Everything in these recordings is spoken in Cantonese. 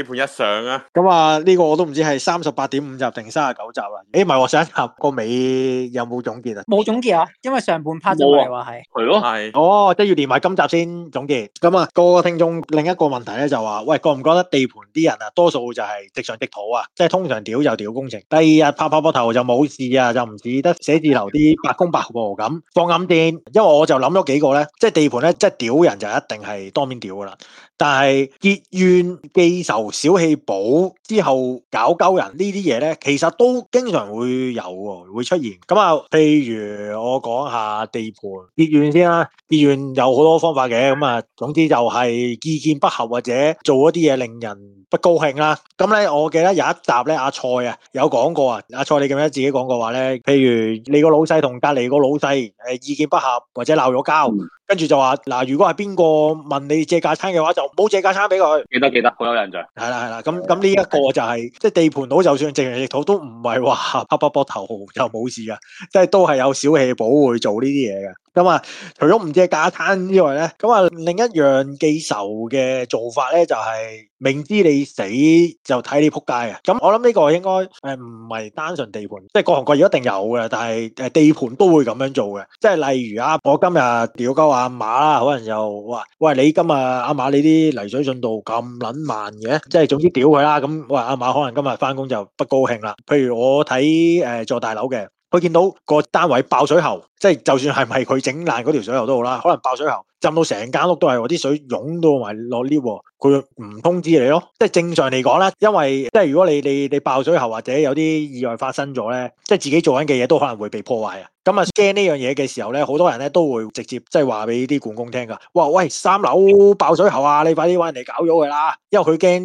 地盤一上啊，咁啊呢個我都唔知係三十八點五集定三十九集啊？誒，唔係喎，上一集個尾有冇總結啊？冇總結啊，因為上半 part 就唔係話係，係咯了，係是哦，即係要連埋今集先總結。咁、嗯、啊，個個聽眾另一個問題咧就話、是，喂，覺唔覺得地盤啲人啊，多數就係直上直肚啊，即係通常屌就屌工程，第二日拍拍膊頭就冇事啊，就唔似得寫字樓啲白工白和咁放暗電，因為我就諗咗幾個咧，即係地盤咧，即係屌人就一定係當面屌噶啦，但係結怨記仇。小氣補之後搞鳩人呢啲嘢咧，其實都經常會有，會出現。咁啊，譬如我講下地盤結怨先啦、啊，結怨有好多方法嘅。咁啊，總之就係意見不合或者做一啲嘢令人不高興啦，咁咧，我記得有一集咧阿、啊、蔡啊有講過啊，阿蔡你記得自己講過話咧，譬如你個老細同隔籬個老細誒意見不合或者鬧咗交，嗯、跟住就話嗱，如果係邊個問你借架餐嘅話，就唔好借架餐俾佢。記得記得，好有印象。係啦係啦，咁咁呢一個就係即係地盤佬，就算淨係食土都唔係話拍拍膊頭，就冇事噶，即係都係有小氣寶會做呢啲嘢嘅。咁啊，除咗唔知係假攤之外咧，咁啊，另一樣記仇嘅做法咧，就係明知你死就睇你仆街啊！咁我諗呢個應該誒唔係單純地盤，即係各行各業一定有嘅，但係誒地盤都會咁樣做嘅，即係例如啊，我今日屌鳩阿馬啦，可能就話喂你今日阿馬你啲泥水進度咁撚慢嘅，即係總之屌佢啦！咁喂阿馬可能今日翻工就不高興啦。譬如我睇誒坐大樓嘅。佢見到個單位爆水喉，即係就算係唔係佢整爛嗰條水喉都好啦，可能爆水喉浸到成間屋都係喎，啲水湧到埋落嚟喎，佢唔通知你咯。即係正常嚟講啦，因為即係如果你你你爆水喉或者有啲意外發生咗咧，即係自己做緊嘅嘢都可能會被破壞啊。咁啊驚呢樣嘢嘅時候咧，好多人咧都會直接即係話俾啲管工聽㗎。哇喂，三樓爆水喉啊！你快啲搵人嚟搞咗佢啦，因為佢驚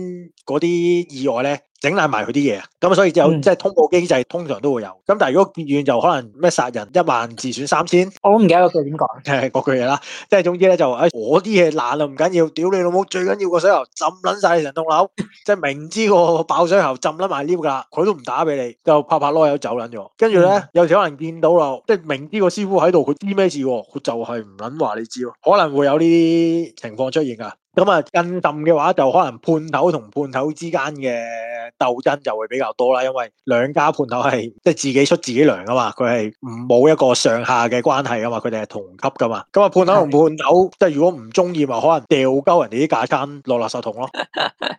嗰啲意外咧。整爛埋佢啲嘢，咁、嗯、所以有即係通報機制，通常都會有。咁但係如果結怨就可能咩，殺人一萬自損三千，我都唔記得個句點講。係嗰句嘢啦，即係總之咧就，哎，我啲嘢爛啦，唔緊要，屌你老母，最緊要水個水喉浸捻晒成棟樓， 即係明知個爆水喉浸捻埋 lift 噶佢都唔打俾你，就拍拍囉柚走捻咗。跟住咧，呢嗯、有時可能見到咯，即係明知個師傅喺度，佢知咩事，佢就係唔捻話你知，可能會有呢啲情況出現噶。咁啊，暗掟嘅話，就可能判頭同判頭之間嘅鬥爭就會比較多啦，因為兩家判頭係即係自己出自己糧啊嘛，佢係唔冇一個上下嘅關係啊嘛，佢哋係同級噶嘛。咁、嗯、啊，判頭同判頭，即係如果唔中意，咪可能掉鳩人哋啲架撐，落垃圾桶咯，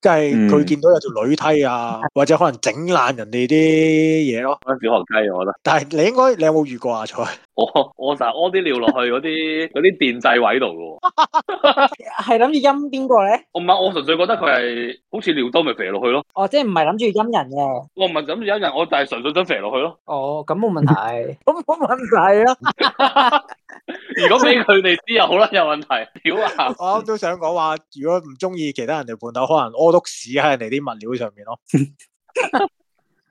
即係佢見到有條女梯啊，嗯、或者可能整爛人哋啲嘢咯。小學雞，我覺得。但係你應該，你有冇遇過啊？蔡？我我成日屙啲尿落去嗰啲啲電掣位度嘅喎，係諗住陰。邊個咧？我唔係，我純粹覺得佢係好似尿兜，咪肥落去咯。哦，即係唔係諗住陰人嘅。我唔係諗住陰人，我就係純粹想肥落去咯。哦，咁冇問題。咁冇 問題咯、啊。 如果俾佢哋知又好啦，有問題。屌啊！我啱啱都想講話，如果唔中意其他人哋拌斗，可能屙督屎喺人哋啲物料上面咯。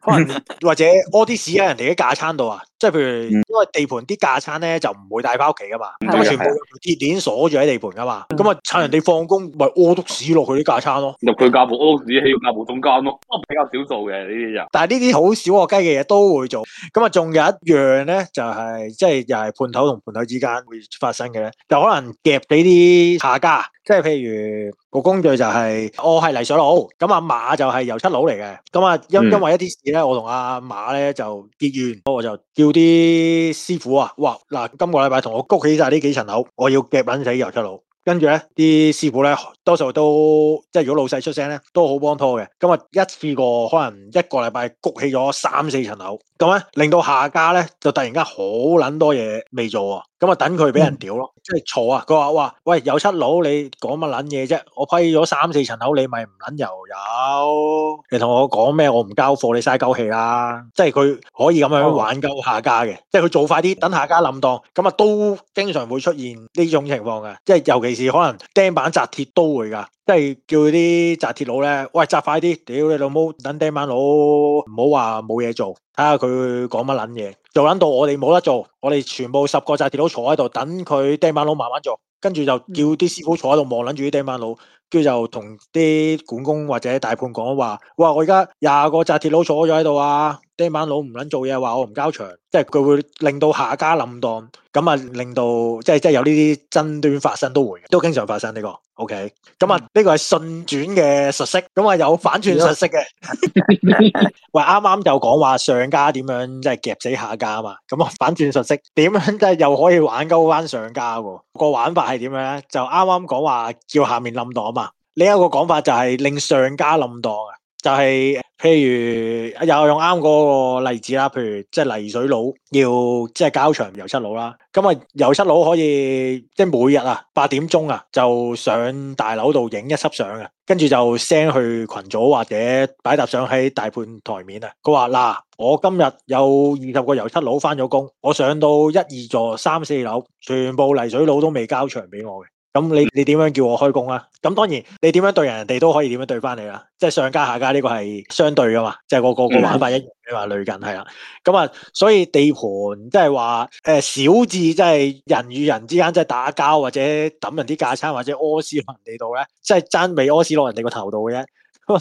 或者屙啲屎喺人哋啲架餐度啊，即係譬如，因為地盤啲架餐咧就唔會帶翻屋企噶嘛，咁啊、嗯、全部鐵鏈鎖住喺地盤噶嘛，咁啊趁人哋放工，咪屙督屎落去啲架餐咯。入去架部屙屎喺佢架部中間咯，都比較少做嘅呢啲人。但係呢啲好少啊雞嘅嘢都會做，咁啊仲有一樣咧，就係即係又係判頭同判頭之間會發生嘅咧，就可能夾畀啲下家，即係譬如。個工具就係、是、我係泥水佬，咁、啊、阿馬就係油漆佬嚟嘅。咁、嗯、啊、嗯、因因為一啲事咧，我同阿、啊、馬咧就結怨，我就叫啲師傅啊，哇嗱，今個禮拜同我谷起晒呢幾層樓，我要夾捻死油漆佬。跟住咧，啲師傅咧多數都即係如果老細出聲咧，都好幫拖嘅。咁、嗯、啊一次過可能一個禮拜谷起咗三四層樓，咁咧令到下家咧就突然間好捻多嘢未做啊！咁啊，等佢俾人屌咯！即係嘈啊！佢話，哇，喂，有七佬，你講乜撚嘢啫？我批咗三四層樓，你咪唔撚油油？你同我講咩？我唔交貨，你嘥鳩氣啦！即係佢可以咁樣玩鳩下家嘅，即係佢做快啲，等下家冧檔。咁啊，都經常會出現呢種情況嘅，即係尤其是可能釘板紮鐵，都會㗎，即係叫啲紮鐵佬咧，喂，紮快啲！屌你老母，等釘板佬，唔好話冇嘢做，睇下佢講乜撚嘢。做撚到我哋冇得做，我哋全部十個紮鐵佬坐喺度等佢釘板佬慢慢做，跟住就叫啲師傅坐喺度望撚住啲釘板佬，跟住就同啲管工或者大判講話，哇！我而家廿個紮鐵佬坐咗喺度啊！地盤佬唔撚做嘢，話我唔交場，即係佢會令到下家冧檔，咁啊令到即係即係有呢啲爭端發生都會，都經常發生呢個。O K，咁啊呢個係順轉嘅熟悉，咁啊有反轉熟悉嘅。 喂，啱啱就講話上家點樣即係夾死下家啊嘛，咁啊反轉熟悉點樣即係又可以玩鳩翻上家喎？個玩法係點樣咧？就啱啱講話叫下面冧檔嘛，你有個講法就係令上家冧檔啊，就係。譬如又用啱嗰個例子啦，譬如即係泥水佬要即係交場油漆佬啦，咁啊油漆佬可以即係每日啊八點鐘啊就上大樓度影一輯相啊，跟住就 send 去群組或者擺搭相喺大判台面啊，佢話嗱我今日有二十個油漆佬返咗工，我上到一二座三四樓，全部泥水佬都未交場俾我嘅。咁你你點樣叫我開工啊？咁當然你點樣對人，人哋都可以點樣對翻你啦。即係上家下家呢個係相對噶嘛，即係個個個玩法一樣。你話類近係啦，咁啊，所以地盤即係話誒，小至即係人與人之間即係打交，或者抌人啲架撐，或者屙屎落人哋度咧，即係爭未屙屎落人哋個 頭度嘅啫。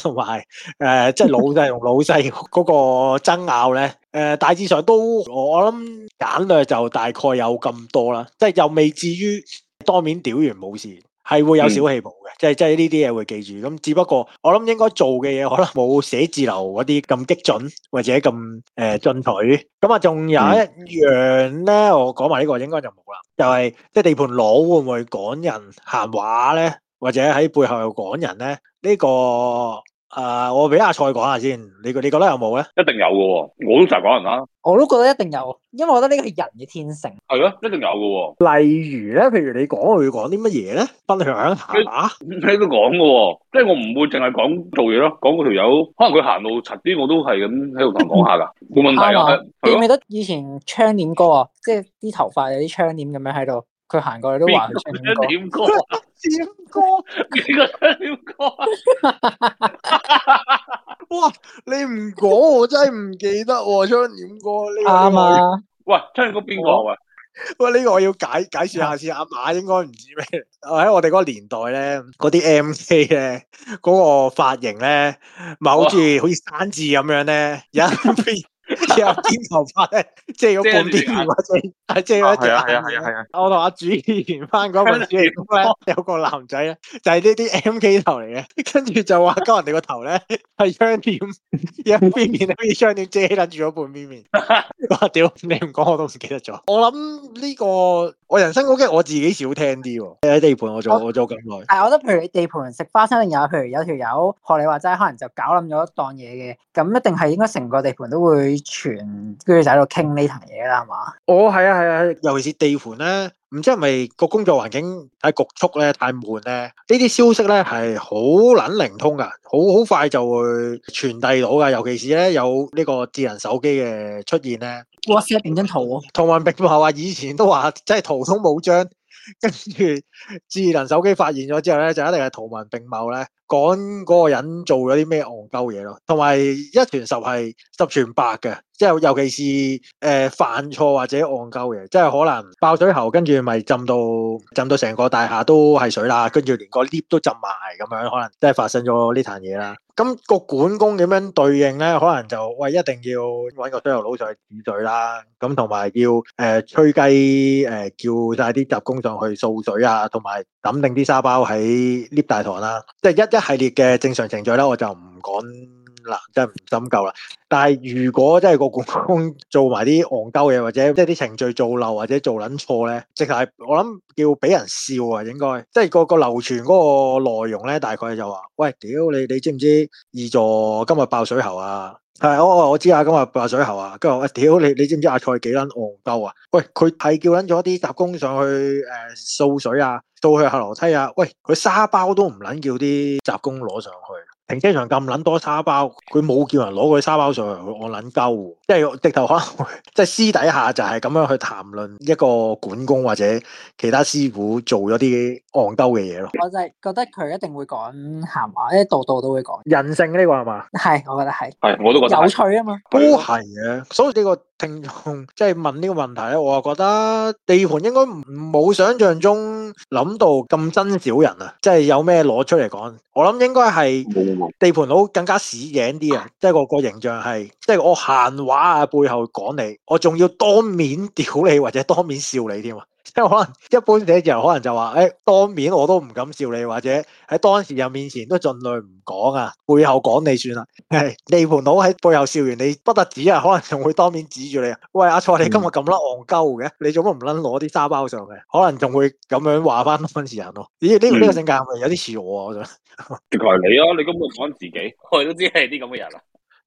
同埋誒，即係老細同老細，即係嗰個爭拗咧。誒、呃，大致上都我我諗簡略就大概有咁多啦。即係又未至於。當面屌完冇事，係會有小氣泡嘅，嗯，即係即係呢啲嘢會記住。咁只不過我諗應該做嘅嘢可能冇寫字樓嗰啲咁激進或者咁誒，呃，進取。咁啊，仲有一樣咧，嗯，我講埋呢個應該就冇啦，就係即係地盤佬會唔會趕人閒話咧，或者喺背後又趕人咧？呢、呢個誒，uh, 我俾阿蔡講下先，你你覺得有冇咧？一定有㗎，我都成日講人啦。我都覺得一定有，因為我覺得呢個係人嘅天性。係咯，一定有㗎。例如咧，譬如你講佢講啲乜嘢咧？分享吓，你都講㗎，即係我唔會淨係講做嘢咯。講嗰條友，可能佢行路柒啲，我都係咁喺度同人講下噶，冇 問題啊。你、嗯、的記唔記得以前窗簾哥啊？即係啲頭髮有啲窗簾咁樣喺度，佢行過去都話窗簾哥。 點歌？你個點歌啊！哇，你唔講我真係唔記得、啊。春點歌呢個？阿媽、 呢個。喂、呢個，春 哥邊個啊？喂，呢個我要解解說下先，阿嫲應該唔知咩？喺我哋嗰個年代咧，嗰啲 M K 咧，嗰、嗰個髮型咧，咪好似好似山字咁樣咧，一 有剪 頭髮咧，遮咗半邊面或者，啊遮嗰隻，係啊係啊係啊我同阿主持人翻嗰個故事咧，有個男仔咧，就係呢啲 M K 頭嚟嘅，跟住就話鳩人哋個頭咧係窗簾，一邊面可以窗簾遮，擸住咗半邊面。哇屌！你唔講，我都唔記得咗。我諗呢個我人生好驚，我自己少聽啲喎。喺地盤我做，我，我做咁耐。但係我覺得譬如你地盤食花生嘅有，譬如有條友學你話齋，可能就搞冧咗一檔嘢嘅，咁一定係應該成個地盤都會。全跟住就喺度傾呢層嘢啦，係嘛？哦，係啊，係啊，尤其是地盤咧，唔知係咪個工作環境太局促咧，太悶咧？呢啲消息咧係好撚靈通噶，好好快就會傳遞到噶。尤其是咧有呢個智能手機嘅出現咧，WhatsApp 變張圖喎，圖文並茂啊。話以前都話，即係圖通冇章。跟住智能手機發現咗之後咧，就一定係圖文並茂咧。講嗰個人做咗啲咩戇鳩嘢咯，同埋一傳十係十傳百嘅，即係尤其是誒、呃、犯錯或者戇鳩嘢，即係可能爆水喉，跟住咪浸到浸到成個大廈都係水啦，跟住連個 lift 都浸埋咁樣，可能即係發生咗呢壇嘢啦。咁、嗯、個管工點樣對應咧？可能就喂，一定要搵個水喉佬上去煮水啦，咁同埋要誒、呃、吹雞誒、呃、叫晒啲雜工上去掃水啊，同埋抌定啲沙包喺 lift 大堂啦，即係一一系列嘅正常程序咧，我就唔講啦，即係唔深究啦。但係如果即係個股東做埋啲戇鳩嘢，或者即係啲程序做漏或者做捻錯咧，直係我諗叫俾人笑啊！應該即係個個流傳嗰個內容咧，大概就話：喂，屌你你知唔知二座今日爆水喉啊？係我我我知啊，今日爆水喉啊！跟住我屌你你知唔知阿蔡幾捻戇鳩啊？喂，佢係叫捻咗啲雜工上去誒、呃、掃水啊！到去後樓梯啊！喂，佢沙包都唔撚叫啲雜工攞上去，停車場咁撚多沙包，佢冇叫人攞個沙包上去，我撚嬲！即係直頭可能會 即係私底下就係咁樣去談論一個管工或者其他師傅做咗啲戇兜嘅嘢咯，我就係覺得佢一定會講閒話，一係度度都會講人性呢個係嘛？係，我覺得係。係，我都覺得有趣啊嘛。都係嘅，所以呢個聽眾即係問呢個問題咧，我啊覺得地盤應該冇想象中諗到咁真小人啊，即係有咩攞出嚟講？我諗應該係地盤佬更加屎影啲啊，即係個個形象係，即係我閒話啊背後講你，我仲要當面屌你或者當面笑你添啊！即係可能一般寫就可能就話，誒、哎、當面我都唔敢笑你，或者喺當時人面前都盡量唔講啊，背後講你算啦、哎。你盤佬喺背後笑完，你不得止啊，可能仲會當面指住你啊。喂阿蔡，你今日咁甩憨鳩嘅，嗯、你做乜唔捻攞啲沙包上去？可能仲會咁樣話翻當時人咯。咦呢個呢個性格有啲似我啊？我嗯、 就係你啊，你根本講自己，我哋都知係啲咁嘅人啦。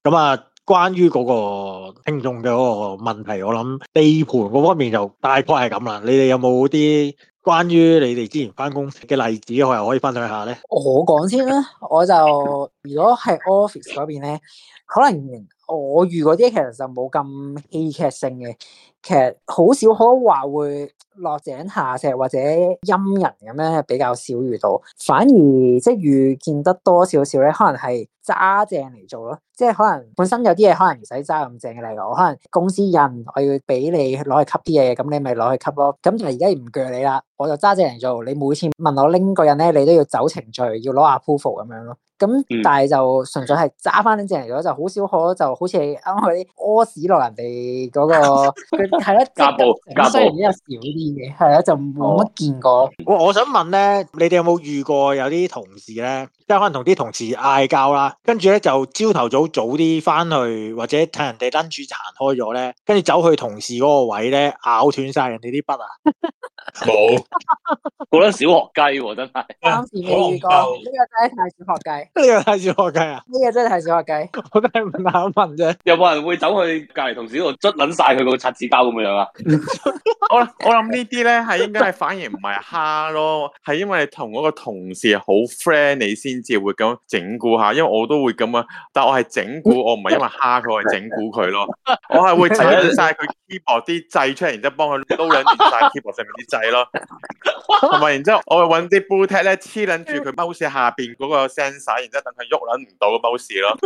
咁啊、嗯。嗯關於嗰個聽眾嘅嗰個問題，我諗地盤嗰方面就大概係咁啦。你哋有冇啲關於你哋之前翻工嘅例子，我又可以分享一下咧？我講先啦，我就 如果係 office 嗰邊咧，可能。我遇嗰啲其實就冇咁戲劇性嘅，其實好少可話會落井下石或者陰人咁樣，比較少遇到。反而即係遇見得多少少咧，可能係揸正嚟做咯，即係可能本身有啲嘢可能唔使揸咁正嘅，例如我可能公司印我要俾你攞去吸啲嘢，咁你咪攞去吸咯。咁但係而家唔鋸你啦，我就揸正嚟做。你每次問我拎個人咧，你都要走程序，要攞下 proof 咁樣咯。咁，嗯、但係就純粹係揸翻啲嘢嚟咗，就好少可，就好似啱啱嗰屙屎落人哋嗰、嗰個，係咯 加布，雖然比較少啲嘅，係啊， 就冇乜見過。哦、我我想問咧，你哋有冇遇過有啲同事咧？即係可能同啲同事嗌交啦，跟住咧就朝頭早早啲翻去，或者趁人哋 lunch 殘開咗咧，跟住走去同事嗰個位咧，咬斷晒人哋啲筆啊！冇， 嗰粒小學雞真係。當時未遇過呢 個真係太小學雞，呢 個太小學雞啊！呢個真係太小學雞，我都係問下問啫。有冇人會走去隔籬同事度捽撚晒佢個刷子膠咁樣啊？ 我我諗呢啲咧係應該係反而唔係蝦咯，係 因為同嗰個同事好 friend 你先。 先至會咁整蠱下，因為我都會咁啊，但我係整蠱，我唔係因為蝦佢，我係整蠱佢咯。 我係會整晒佢 keyboard 啲掣出嚟，然之後幫佢撈兩截晒 keyboard 上面啲掣咯。同埋，然之後我會搵啲 bootleg 咧黐捻住佢 mouse 下邊嗰個 sensor，然之後等佢喐捻唔到個 mouse 咯。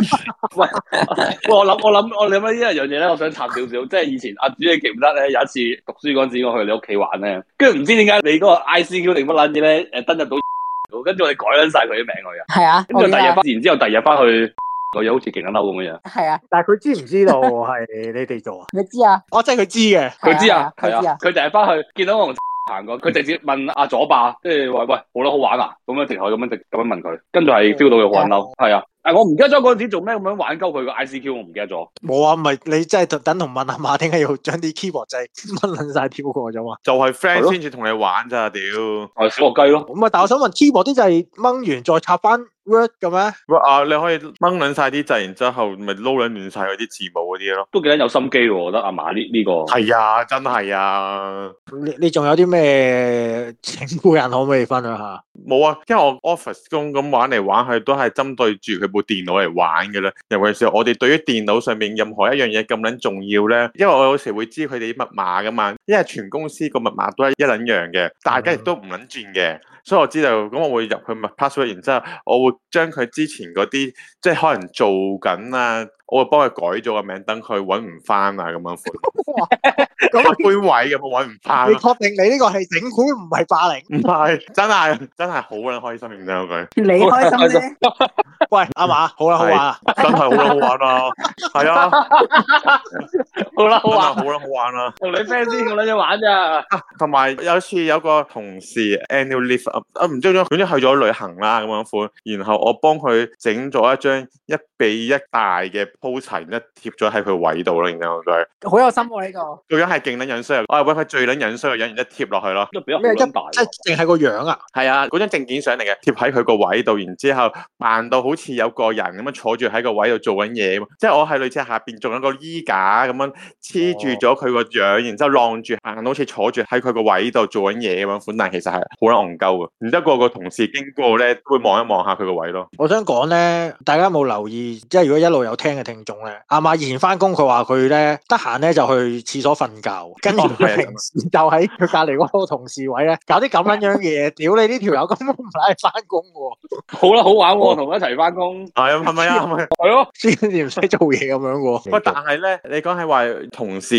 喂， 我諗我諗我諗翻一樣嘢咧，我想插少少， 即係以前阿主你記唔得咧？有一次讀書嗰陣時，我去你屋企玩咧，跟住唔知點解你嗰個 ICQ 定乜捻嘅咧，誒登入到。 跟住我哋改咗晒佢啲名佢啊，係啊，跟住第二日翻完之後，第二日翻去個樣好似勁得嬲咁樣樣。係啊，但係佢知唔知道係你哋做 你啊？你、哦知，啊、知啊？哦、啊，即係佢知嘅，佢知啊，佢知啊。佢第日翻去見到我同行過，佢直接問阿、啊、左霸，即係話喂，好撚好玩啊，咁樣直頭咁樣直咁樣問佢，跟住係 feel 到佢好嬲，係啊。誒、哎，我唔記得咗嗰陣時做咩咁樣玩鳩佢個 ICQ，我唔記得咗。冇啊，唔係你真係等同問阿馬定係要將啲 keyboard 掣掹撚晒跳過咗嘛？就係 friend 先至同你玩咋，屌了！係小學雞咯。唔係，但我想問 keyboard 啲掣掹完再插翻 word 咁咩？啊，你可以掹撚晒啲掣，然之後咪撈撚亂晒嗰啲字母嗰啲咯。都幾得有心機喎，我覺得阿馬呢呢個。係呀、啊，真係啊。你你仲有啲咩整蠱人，可唔可以分享下？冇啊，因為我 office 工咁玩嚟玩去都係針對住佢部電腦嚟玩嘅啦，尤其是我哋對於電腦上面任何一樣嘢咁撚重要咧，因為我有時會知佢哋啲密碼㗎嘛，因為全公司個密碼都係一撚樣嘅，大家亦都唔撚轉嘅，所以我知道，咁我會入去密碼，然之後我會將佢之前嗰啲，即係可能做緊啊。我會幫佢改咗個名，等佢揾唔翻啊咁樣款。咁搬位咁，揾唔翻。 你確定你呢個係整款唔係霸凌？唔係，真係真係好撚開心，認真嗰句。你開心、啊、喂，啱嘛，？ 好啦、啊，好玩啦。真係好撚好玩啊！係啊，好啦、啊啊 啊，好玩、啊，好啦、啊，好玩啦、啊。同 你 friend 先、啊，我你玩咋。同埋有，有次有個同事 annual leave 唔知點解佢一去咗旅行啦咁樣款，然後我幫佢整咗一張一比一大嘅。鋪齊，然之後貼咗喺佢位度啦。然之後再好有心喎、啊、呢、這個，嗰張係勁撚樣衰，我係揾佢最撚樣衰，然之後貼落去咯。咩一麼即係淨係個樣啊？係啊，嗰張證件上嚟嘅，貼喺佢個位度，然之後扮到好似有個人咁樣坐住喺個位度做緊嘢。即係我喺女廁下邊，仲有個衣架咁樣黐住咗佢個樣，然之後晾住，行到好似坐住喺佢個位度做緊嘢咁款。但其實係好撚戇鳩㗎。然之後個同事經過咧，都會望一望下佢個位咯。我想講咧，大家冇留意，即係如果一路有聽嘅聽。病重咧，阿馬賢翻工，佢話佢咧得閒咧就去廁所瞓覺，跟住佢平時就喺佢隔籬嗰個同事位咧搞啲咁樣樣嘢， 屌你呢條友根本唔使翻工嘅。 好啦、啊，好玩，同佢一齊翻工，係啊，係咪啊？係咯，完全唔使做嘢咁樣嘅。喂，但係咧，你講係話同事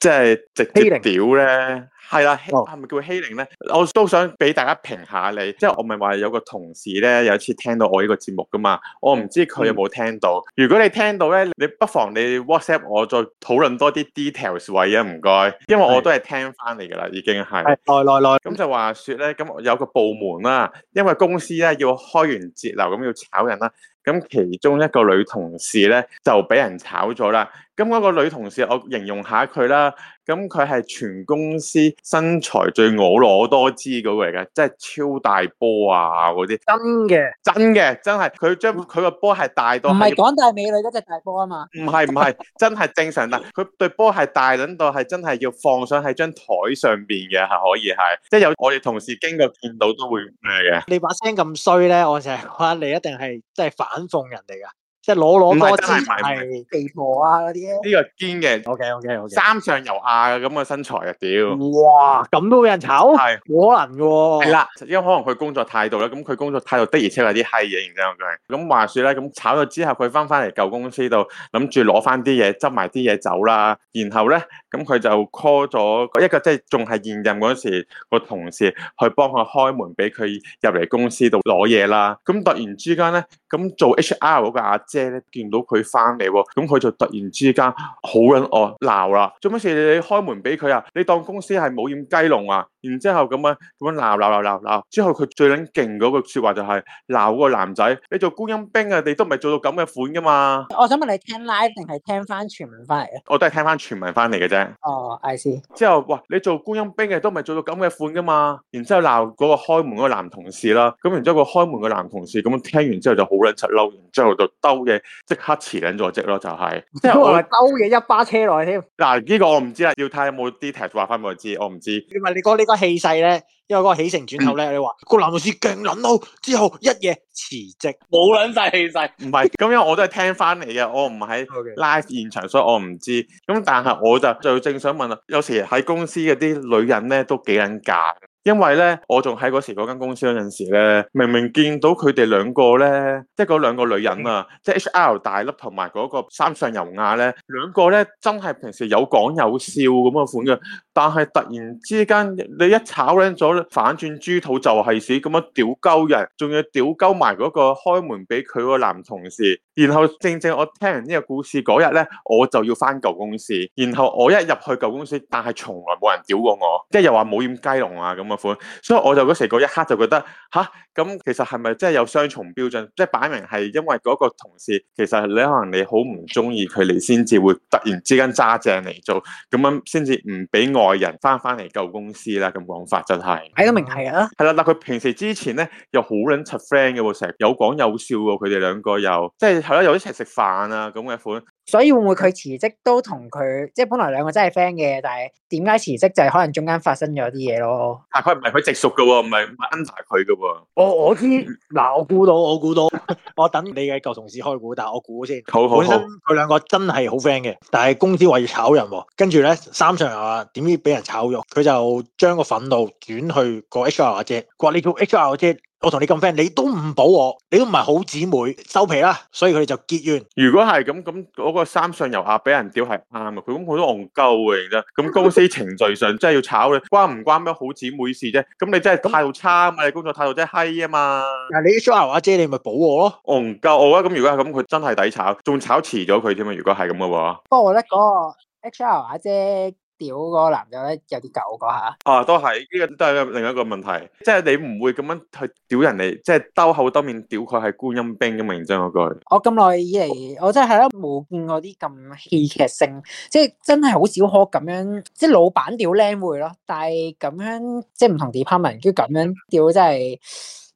即係直接屌咧。 係啦，係咪、啊哦、叫欺凌咧？我都想俾大家評下你，即、就、係、是、我咪話有個同事咧，有一次聽到我呢個節目噶嘛，我唔知佢有冇聽到。如果你聽到咧，你不妨你 WhatsApp 我，再討論多啲 details 位啊，唔該。因為我都係聽翻嚟噶啦，是已經係。係，來來來，咁就話説咧，咁有個部門啦、啊，因為公司咧要開完節流，咁要炒人啦、啊，咁其中一個女同事咧就俾人炒咗啦。咁嗰個女同事，我形容下佢啦。咁佢係全公司身材最婀娜多姿嗰個嚟嘅，即係超大波啊嗰啲。真嘅，真嘅，真係佢將佢個波係大到，唔係講大美女嗰隻大波啊嘛。唔係唔係，真係正常，但佢 對波係大輪到係真係要放上喺張台上邊嘅係可以係，即係有我哋同事經過見到都會咩嘅。你把聲咁衰咧，我成日話你一定係即係反諷人哋噶。即係攞攞多支係地磅啊嗰啲呢個堅嘅，OK OK 三上悠亞嘅咁嘅身材啊屌！哇咁都俾人炒，係可能喎，係啦，因為可能佢工作態度咧，咁佢工作態度的而且確係啲閪嘢，認真我講咁話説咧，咁炒咗之後，佢翻翻嚟舊公司度，諗住攞翻啲嘢執埋啲嘢走啦。然後咧，咁佢就 call 咗一個即係仲係現任嗰時個同事去幫佢開門俾佢入嚟公司度攞嘢啦。咁突然之間咧，咁做 HR 嗰個阿姐。見到佢翻嚟，咁、嗯、佢就突然之間好撚惡鬧啦！做乜事你開門俾佢啊？你當公司係冇掩雞籠啊？然之後咁樣咁樣鬧鬧鬧鬧鬧，之後佢最撚勁嗰句說話就係鬧嗰個男仔：你做觀音兵嘅，啊，你都唔係做到咁嘅款噶嘛？我想問你聽 live 定係聽翻傳聞翻嚟啊？我都係聽翻傳聞翻嚟嘅啫。哦，oh,，I see。之後喂，你做觀音兵嘅都唔係做到咁嘅款噶嘛？然之後鬧嗰個開門嗰個男同事啦，咁然之後個開門嘅男同事咁樣聽完之後就好撚柒嬲，然之後就兜。即刻辭緊咗職咯，就係即係我咪兜嘢一巴車落去添。嗱呢個我唔知啦，要睇下有冇啲 text 話翻俾我知，我唔知。唔係你講呢個氣勢咧，因為嗰個起承轉頭咧，你話個男老師勁撚到之後一夜辭職，冇撚晒氣勢。唔係咁，因為我都係聽翻嚟嘅，我唔喺 live 現場，所以我唔知。咁但係我就就正想問啊，有時喺公司嗰啲女人咧都幾撚嫁。 因為咧，我仲喺嗰時嗰間公司嗰陣時咧，明明見到佢哋兩個咧，即係嗰兩個女人啊，嗯、即係 H R 大粒同埋嗰個三上悠亞咧，兩個咧真係平時有講有笑咁嘅款嘅，但係突然之間你一炒靚咗，反轉豬肚就係屎咁樣屌鳩人，仲要屌鳩埋嗰個開門俾佢個男同事。然後正正我聽完呢個故事嗰日咧，我就要翻舊公司。然後我一入去舊公司，但係從來冇人屌過我，即係又話冇厭雞籠啊咁嘅款。所以我就嗰時嗰一刻就覺得吓，咁其實係咪真係有雙重標準？即係擺明係因為嗰個同事，其實你可能你好唔中意佢你先至會突然之間揸正嚟做，咁樣先至唔俾外人翻翻嚟舊公司啦。咁講法真係，係咁明係啊。係啦，嗱佢平時之前咧又好撚柒 friend 嘅喎，成日有講有笑喎，佢哋兩個又即係。係咯，有啲一齊食飯啊咁嘅款。所以會唔會佢辭職都同佢，即係本來兩個真係 friend 嘅，但係點解辭職就係可能中間發生咗啲嘢咯。但佢唔係佢直屬噶喎，唔係唔係 under 佢噶喎。我知我知，嗱我估到，我估到， 我等你嘅舊同事開估，但係我估先。好，好，好，本身佢兩個真係好 friend 嘅，但係公司話要炒人，跟住咧三上又話點知俾人炒咗，佢就將個憤怒轉去個 HR 阿姐，佢話你叫 HR 阿姐。我同你咁 friend，你都唔保我，你都唔係好姊妹，收皮啦，所以佢哋就結怨。如果係咁咁，嗰個三上遊客俾人屌係啱啊，佢咁佢都戇鳩嘅。真。咁公司程序上真係要炒你，關唔關咩好姊妹事啫？咁你真係態度差啊那你工作態度真係嗨啊嘛。嗱，你 H R 阿姐，姐你咪保我咯。戇鳩我啊，咁如果係咁，佢真係抵炒，仲炒遲咗佢添啊。如果係咁嘅話，不過我覺得嗰個 H R 阿姐，姐。屌嗰個男人咧有啲舊嗰下，啊都係呢個都係另一個問題，即係你唔會咁樣去屌人哋，即係兜口兜面屌佢係觀音兵咁認真嗰句。我咁耐以嚟，嗯、我真係咧冇見過啲咁戲劇性，即係真係好少可咁樣，即係老闆屌靚妹咯。但係咁樣，即係唔同 department，跟咁樣屌真係，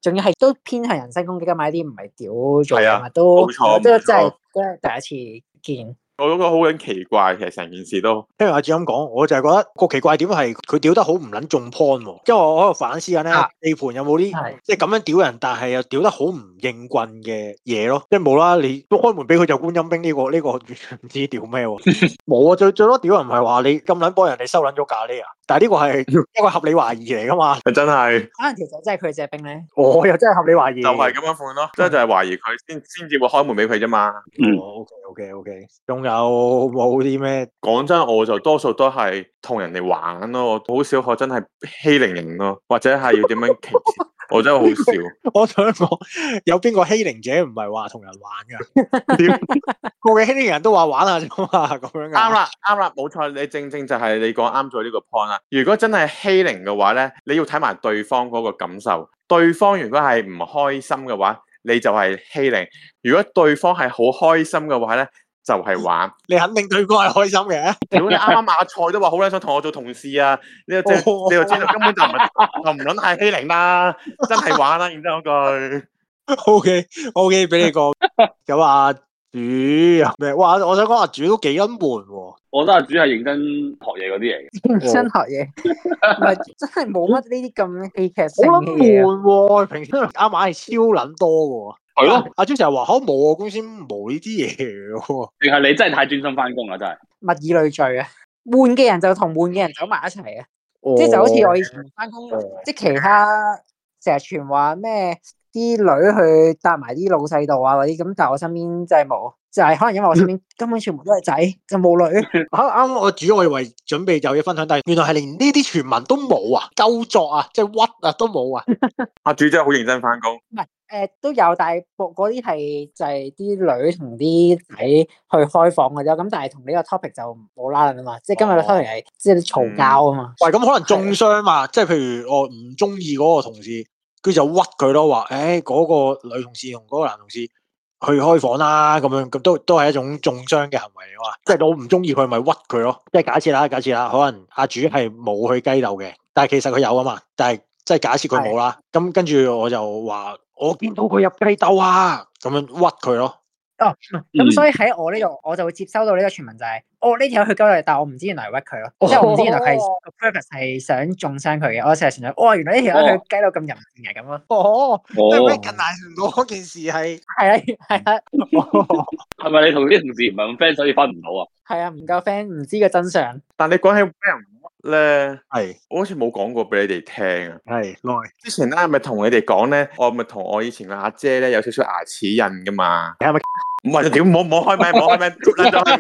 仲要係都偏向人身攻擊。咁買啲唔係屌做嘅，啊、是是都錯我都真係真係第一次見。我感覺好撚奇怪，其實成件事都聽阿主任講，我就係覺得個奇怪點係佢屌得好唔撚中 point，喔、因為我喺度反思緊咧、啊、地盤有冇啲即係咁樣屌人，但係又屌得好唔應棍嘅嘢咯，即係冇啦，你都開門俾佢就觀音兵呢、這個呢、這個完全唔知屌咩喎，冇 啊最最多屌人唔係話你咁撚幫人哋收撚咗咖喱啊。但係呢個係一個合理懷疑嚟噶嘛？真係，可能條仔真係佢隻兵咧，我又真係合理懷疑，就係咁樣判咯，即係就係懷疑佢先先至會開門俾佢啫嘛。嗯，OK OK OK，仲有冇啲咩？講真，我就多數都係同人哋玩咯，好少可真係欺凌人咯，或者係要點樣？我真係好少。我想講，有邊個欺凌者唔係話同人玩噶？個個嘅欺凌人都話玩啊嘛，咁樣啱啦，啱啦，冇錯，你正正就係你講啱咗呢個 point。如果真係欺凌嘅話咧，你要睇埋對方嗰個感受。對方如果係唔開心嘅話，你就係欺凌；如果對方係好開心嘅話咧，就係、是、玩。你肯定對方係開心嘅。如果你啱啱買個菜都話好啦，想同我做同事啊，你就你就知道根本就唔係，就唔撚係欺凌啦，真係玩啦，認真嗰、okay、句。O K O K，俾你講咁啊。主咩？哇！我想講阿主都幾悶。我覺得阿主係認真學嘢嗰啲嚟嘅，認真學嘢，係 真係冇乜呢啲咁戲劇性嘅嘢、啊。我諗悶、啊，平時阿、啊、馬係超撚多嘅。係咯的、啊，阿主成日話：，好、哦、冇啊，公司冇呢啲嘢嘅。定係你真係太專心翻工啦，真係。物以類聚啊！悶嘅人就同悶嘅人走埋一齊啊。哦、即係就好似我以前翻工，嗯、即係其他成日傳話咩？啲女去搭埋啲老細度啊嗰啲，咁但係我身邊真係冇，就係、是、可能因為我身邊根本全部都係仔，就冇女。啱啱、 啊，剛剛我主要我以為準備就要分享，但係原來係連呢啲傳聞都冇啊，鳩作啊，即係屈啊都冇啊。阿、啊 啊、主真好認真翻工。唔係誒，都有，但係嗰啲係就係啲女同啲仔去開房嘅啫，咁但係同呢個 topic 就冇拉倫啊嘛，即係今日嘅 topic 係、哦、即係嘈交啊嘛。嗯、喂，咁可能中傷啊嘛，即係譬如我唔中意嗰個同事。佢就屈佢咯，話誒嗰個女同事同嗰個男同事去開房啦、啊，咁樣咁都都係一種中傷嘅行為嚟話，即係我唔中意佢咪屈佢咯。即係假設啦，假設啦，可能阿、啊、主係冇去雞竇嘅，但係其實佢有啊嘛，但係即係假設佢冇啦。咁跟住我就話我,我見到佢入雞竇啊，咁樣屈佢咯。咁、哦、所以喺我呢度我就會接收到呢個傳聞就係、是，哦呢條友去溝女，但係我唔知原來屈佢咯，哦、即係唔知原來係 purpose 係想中傷佢嘅，我成日傳咗，哇、哦、原來呢條友去雞到咁淫嘅咁啊，哦，咩咁難纏到件事係係啊係啊，係咪你同啲同事唔係咁 friend 所以分唔到啊？係啊，唔夠 friend 唔知個真相。但你講起屈呢，係、哎、我好似冇講過俾你哋聽啊，係來之前咧係咪同你哋講咧？我咪同我以前嘅阿姐咧有少少牙齒印㗎嘛？哎唔係，點好唔好開咪？唔好開咪，唔該，唔該，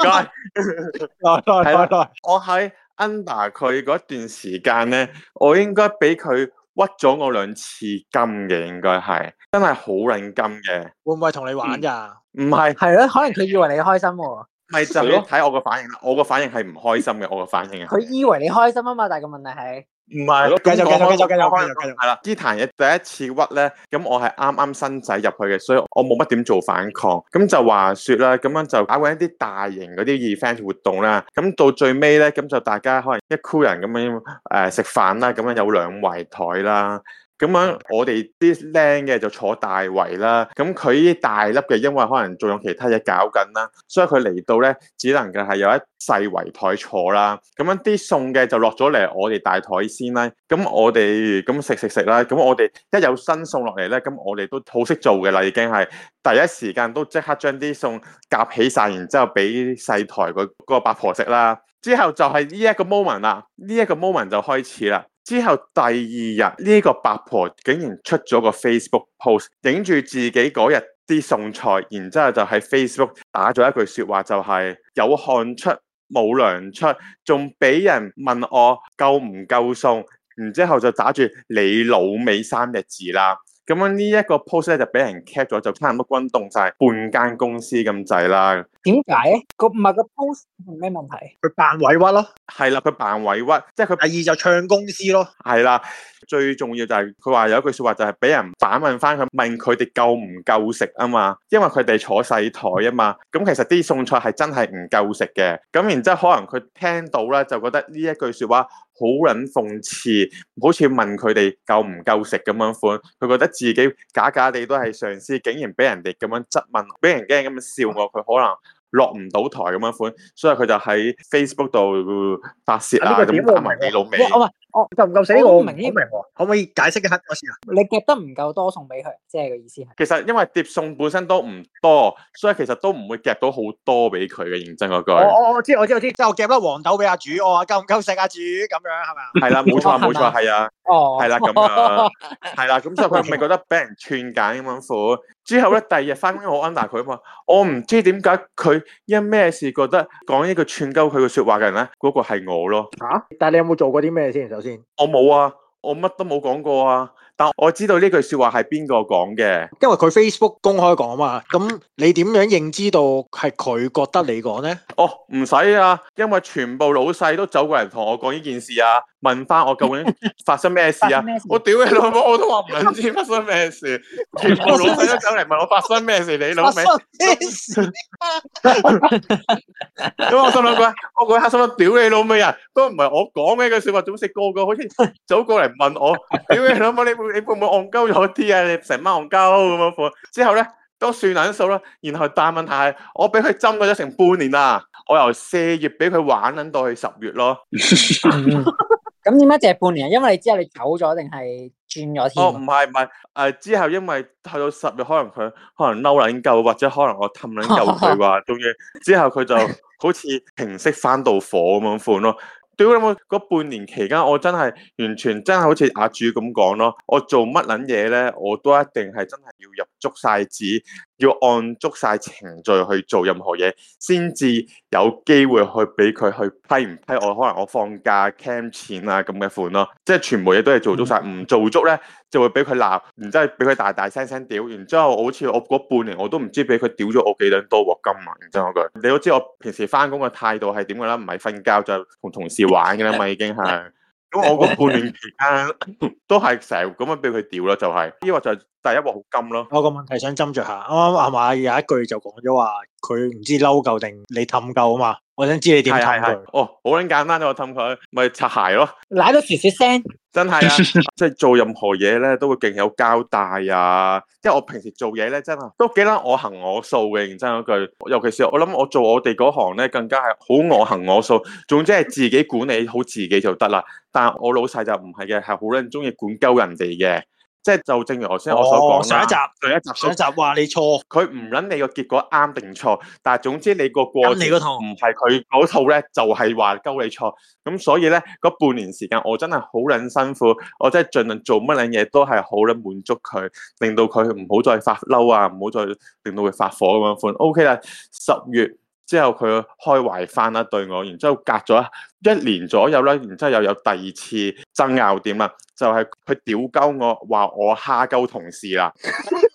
唔該。 我喺 under 佢嗰段時間咧，我應該俾佢屈咗我兩次金嘅，應該係真係好捻金嘅。會唔會同你玩噶？唔係、嗯，係咯、啊，可能佢以為你開心喎。咪 就係咯，睇我個反應啦。我個反應係唔開心嘅，我個反應係。佢以為你開心啊嘛，但係個問題係。唔係，繼續講說，繼續，繼續，繼續，係啦。呢壇嘢第一次屈咧，咁我係啱啱新仔入去嘅，所以我冇乜點做反抗。咁就話説啦，咁樣就搞緊一啲大型嗰啲 event 活動啦。咁到最尾咧，咁就大家可能一 group 人咁樣誒、呃、食飯啦，咁樣有兩圍台啦。咁樣我哋啲靚嘅就坐大圍啦，咁佢啲大粒嘅因為可能仲有其他嘢搞緊啦，所以佢嚟到咧只能夠係有一細圍台坐啦。咁樣啲餸嘅就落咗嚟，我哋大台先啦。咁我哋咁食食食啦。咁我哋一有新餸落嚟咧，咁我哋都好識做嘅啦，已經係第一時間都即刻將啲餸夾起晒，然之後俾細台個嗰個八婆食啦。之後就係呢一個 moment 啦，呢一個 moment 就開始啦。之後第二日呢、這個八婆竟然出咗個 Facebook post，影住自己嗰日啲餸菜，然之後就喺 Facebook 打咗一句說話、就是，就係有汗出冇糧出，仲俾人問我夠唔夠餸，然之後就打住你老味三隻字啦。咁樣呢一個 post 咧就俾人 cap 咗，就差唔多轟動晒半間公司咁滯啦。點解咧？個唔係個 post 係咩問題？佢扮委屈咯，係啦，佢扮委屈，即係佢第二就唱公司咯，係啦。最重要就係佢話有一句說話就係俾人反問翻佢，問佢哋夠唔夠食啊嘛？因為佢哋坐細台啊嘛。咁其實啲餸菜係真係唔夠食嘅。咁然之後可能佢聽到咧，就覺得呢一句說話好捻諷刺，好似問佢哋夠唔夠食咁樣款。佢覺得自己假假地都係上司，竟然俾人哋咁樣質問，俾人驚咁樣笑我，佢可能。落唔到台咁樣款，所以佢就喺 Facebook 度發泄啊，咁、這個、樣加埋你老味。哇！我，我，我，我夠唔夠死？我唔明，唔明。可唔可以解釋一下？我先，啊？你夾得唔夠多送俾佢，即、就、係、是、個意思。其實因為碟送本身都唔多，所以其實都唔會夾到好多俾佢嘅。認真嗰句。我我，我知我知我知，即係我夾粒黃豆俾阿、啊、主，我、哦、話夠唔夠食阿、啊、主咁樣係咪？係啦，冇錯冇錯，係啊。哦，係啦咁噶，係啦咁，所以佢咪覺得俾人串鳩咁樣款。之 後咧，第二日翻工，我安慰佢啊，我唔知點解佢因咩事覺得講呢句串鳩佢嘅說話嘅人咧，嗰、那個係我咯。吓、啊？但係你有冇做過啲咩先？首先，我冇啊，我乜都冇講過啊。但我知道呢句話說話係邊個講嘅，因為佢 Facebook 公開講啊嘛。咁你點樣認知到係佢覺得你講咧？哦，唔使啊，因為全部老細都走過嚟，同我講呢件事啊。問翻我究竟發生咩事啊？我屌你老母，我都話唔知發生咩事。全部老細都走嚟問我發生咩事？你老味。發生咩事啊？咁我心諗佢，我佢黑心到屌你老味啊！都唔係我講嘅個說話，總係個個好似早過嚟問我？屌你老母，你你會唔會戇鳩咗啲啊？你成晚戇鳩咁啊！之後咧都算撚數啦。然後但問題係我俾佢針咗成半年啦，我由四月俾佢玩緊到去十月咯。咁點解借半年啊？因為你之後你走咗定係轉咗先？哦，唔係唔係，誒、呃，之後因為去到十月，可能佢可能嬲撚夠，或者可能我氹撚夠佢話，仲要 之後佢就好似平息翻到火咁款咯。 對我嗰半年期間，我真係完全真係好似阿主咁講咯，我做乜撚嘢咧，我都一定係真係要入足晒紙，要按足晒程序去做任何嘢，先至有機會去俾佢去批唔批我。可能我放假、c 攢錢啊咁嘅款咯，即係全部嘢都係做足晒，唔做足咧，就會俾佢鬧，然之後俾佢大大聲聲屌。然之後，好似我半年我都唔知俾佢屌咗我幾多多鑊金啊！真嗰句。你都知我平時翻工嘅態度係點㗎啦？唔係瞓覺就同同事玩㗎啦嘛，已經係。咁我個半年期間 都係成日咁樣俾佢屌啦，就係、係。依個就。第一鑊好金咯，哦。我個問題想斟酌下，啱啱係嘛，有一句就講咗話，佢唔知嬲夠定你氹夠啊嘛？我想知你點睇下。哦，好捻簡單，我氹佢咪擦鞋咯。舐到雪雪聲。真係啊，即係 做任何嘢咧都會勁有交代啊，即係我平時做嘢咧真係都幾撚我行我素嘅，認真一句。尤其是我諗我做我哋嗰行咧，更加係好我行我素。總之係自己管理好自己就得啦。但係我老細就唔係嘅，係好捻中意管鳩人哋嘅。即係就正如我頭先我所講、哦、上一集，一集上一集上一集話你錯，佢唔捻你個結果啱定錯，但係總之你個過程唔係佢嗰套咧，就係話救你錯。咁所以咧嗰半年時間我真係好捻辛苦，我真係盡量做乜捻嘢都係好捻滿足佢，令到佢唔好再發嬲啊，唔好再令到佢發火咁樣款。O K 啦，十月。之後佢開懷翻啦對我，然之後隔咗一年左右啦，然之後又有第二次爭拗點啊？就係佢屌鳩我話我蝦鳩同事啦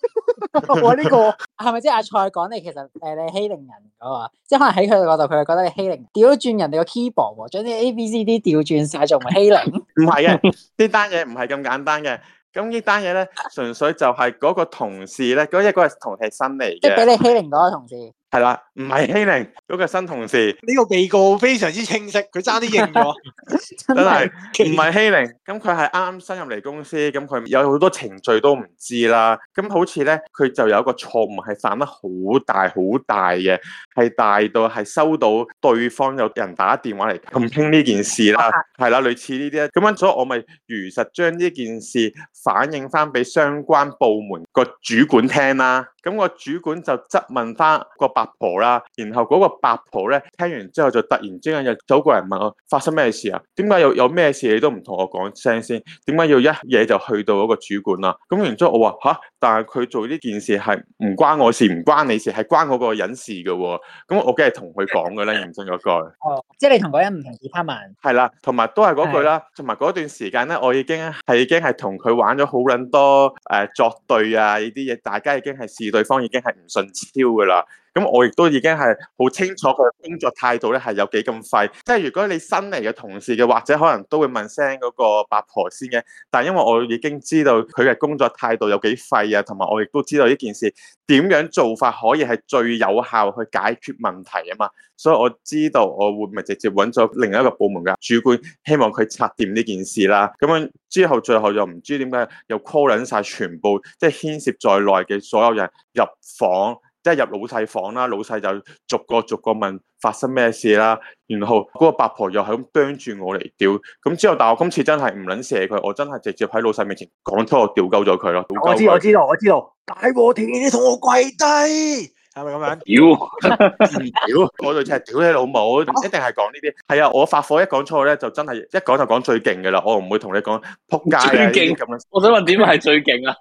。我、這、呢個係咪即係阿蔡講你其實誒你欺凌人啊？即係可能喺佢哋嗰度，佢係覺得你欺凌，屌轉人哋個 keyboard，將啲 A B C D 調轉晒仲係欺凌。唔係嘅，呢單嘢唔係咁簡單嘅。咁呢單嘢咧，純粹就係嗰個同事咧，嗰一嗰係同事新嚟嘅，即係俾你欺凌嗰個同事。係啦，唔係欺凌嗰、嗰個新同事。呢個被告非常之清晰，佢差啲認咗， 真係唔係欺凌。咁佢係啱啱新入嚟公司，咁佢有好多程序都唔知啦。咁好似咧，佢就有一個錯誤係犯得好大好大嘅。係大到係收到對方有人打電話嚟咁傾呢件事啦，係啦，類似呢啲，咁樣所以我咪如實將呢件事反映翻俾相關部門個主管聽啦。咁個主管就質問翻個八婆啦，然後嗰個八婆咧聽完之後，就突然之間又走過嚟問我發生咩事啊？點解有有咩事你都唔同我講聲先？點解要一嘢就去到嗰個主管啊？咁然之後我話吓，但係佢做呢件事係唔關我事，唔關你事，係關我個隱事嘅喎、啊。咁我梗係同佢講嘅啦，認真嗰句。哦，即係你同嗰人唔同其他人。係啦，同埋都係嗰句啦，同埋嗰段時間咧，我已經係已經係同佢玩咗好捻多誒作對啊！呢啲嘢，大家已經係視對方，已經係唔順超噶啦。咁我亦都已經係好清楚佢嘅工作態度咧，係有幾咁廢。即係如果你新嚟嘅同事嘅，或者可能都會問聲嗰個八婆先嘅。但係因為我已經知道佢嘅工作態度有幾廢啊，同埋我亦都知道呢件事點樣做法可以係最有效去解決問題啊嘛。所以我知道我會咪直接揾咗另一個部門嘅主管，希望佢拆掂呢件事啦。咁樣之後最後又唔知點解又 call 晒全部，即係牽涉在內嘅所有人入房。一入老細房啦，老細就逐個逐個問發生咩事啦，然後嗰個八婆又係咁啄住我嚟吊，咁之後但我今次真係唔捻射佢，我真係直接喺老細面前講出我吊鳩咗佢咯。我知我知道我知道，大和田你同我跪低。咁樣屌屌嗰度係屌你老母，一定係講呢啲。係啊，我發火一講錯咧，就真係一講就講最勁嘅啦。我唔會同你講仆街，最勁咁樣。我想問點係最勁啊？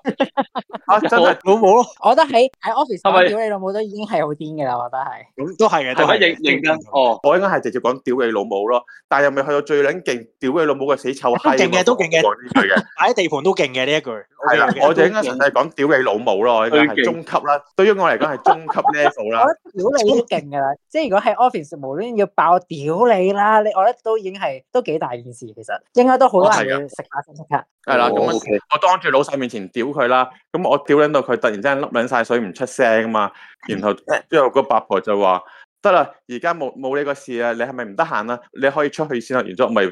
啊，真係屌你老母！我覺得喺喺 office 屌你老母都已經係好癲嘅啦，我覺得係。咁都係嘅，就係認認真。哦，我應該係直接講屌你老母咯，但係又未去到最撚勁屌你老母個死臭閪。勁嘅都勁嘅，講呢句嘅。喺地盤都勁嘅呢一句。係啦，我哋應該純粹講屌你老母咯，呢個係中級啦。對於我嚟講係中級。咩，好啦，我屌你都勁噶啦，即係如果喺 office 無論要爆屌你啦，你我覺得都已經係都幾大件事，其實應該都好多人要食下、食食下。係啦，咁我當住老細面前屌佢啦，咁我屌捻到佢突然之間粒捻晒水唔出聲啊嘛，然後之後個八婆就話。得啦，而家冇冇呢個事啊！你係咪唔得閒啊？你可以出去先啦， 然之後咪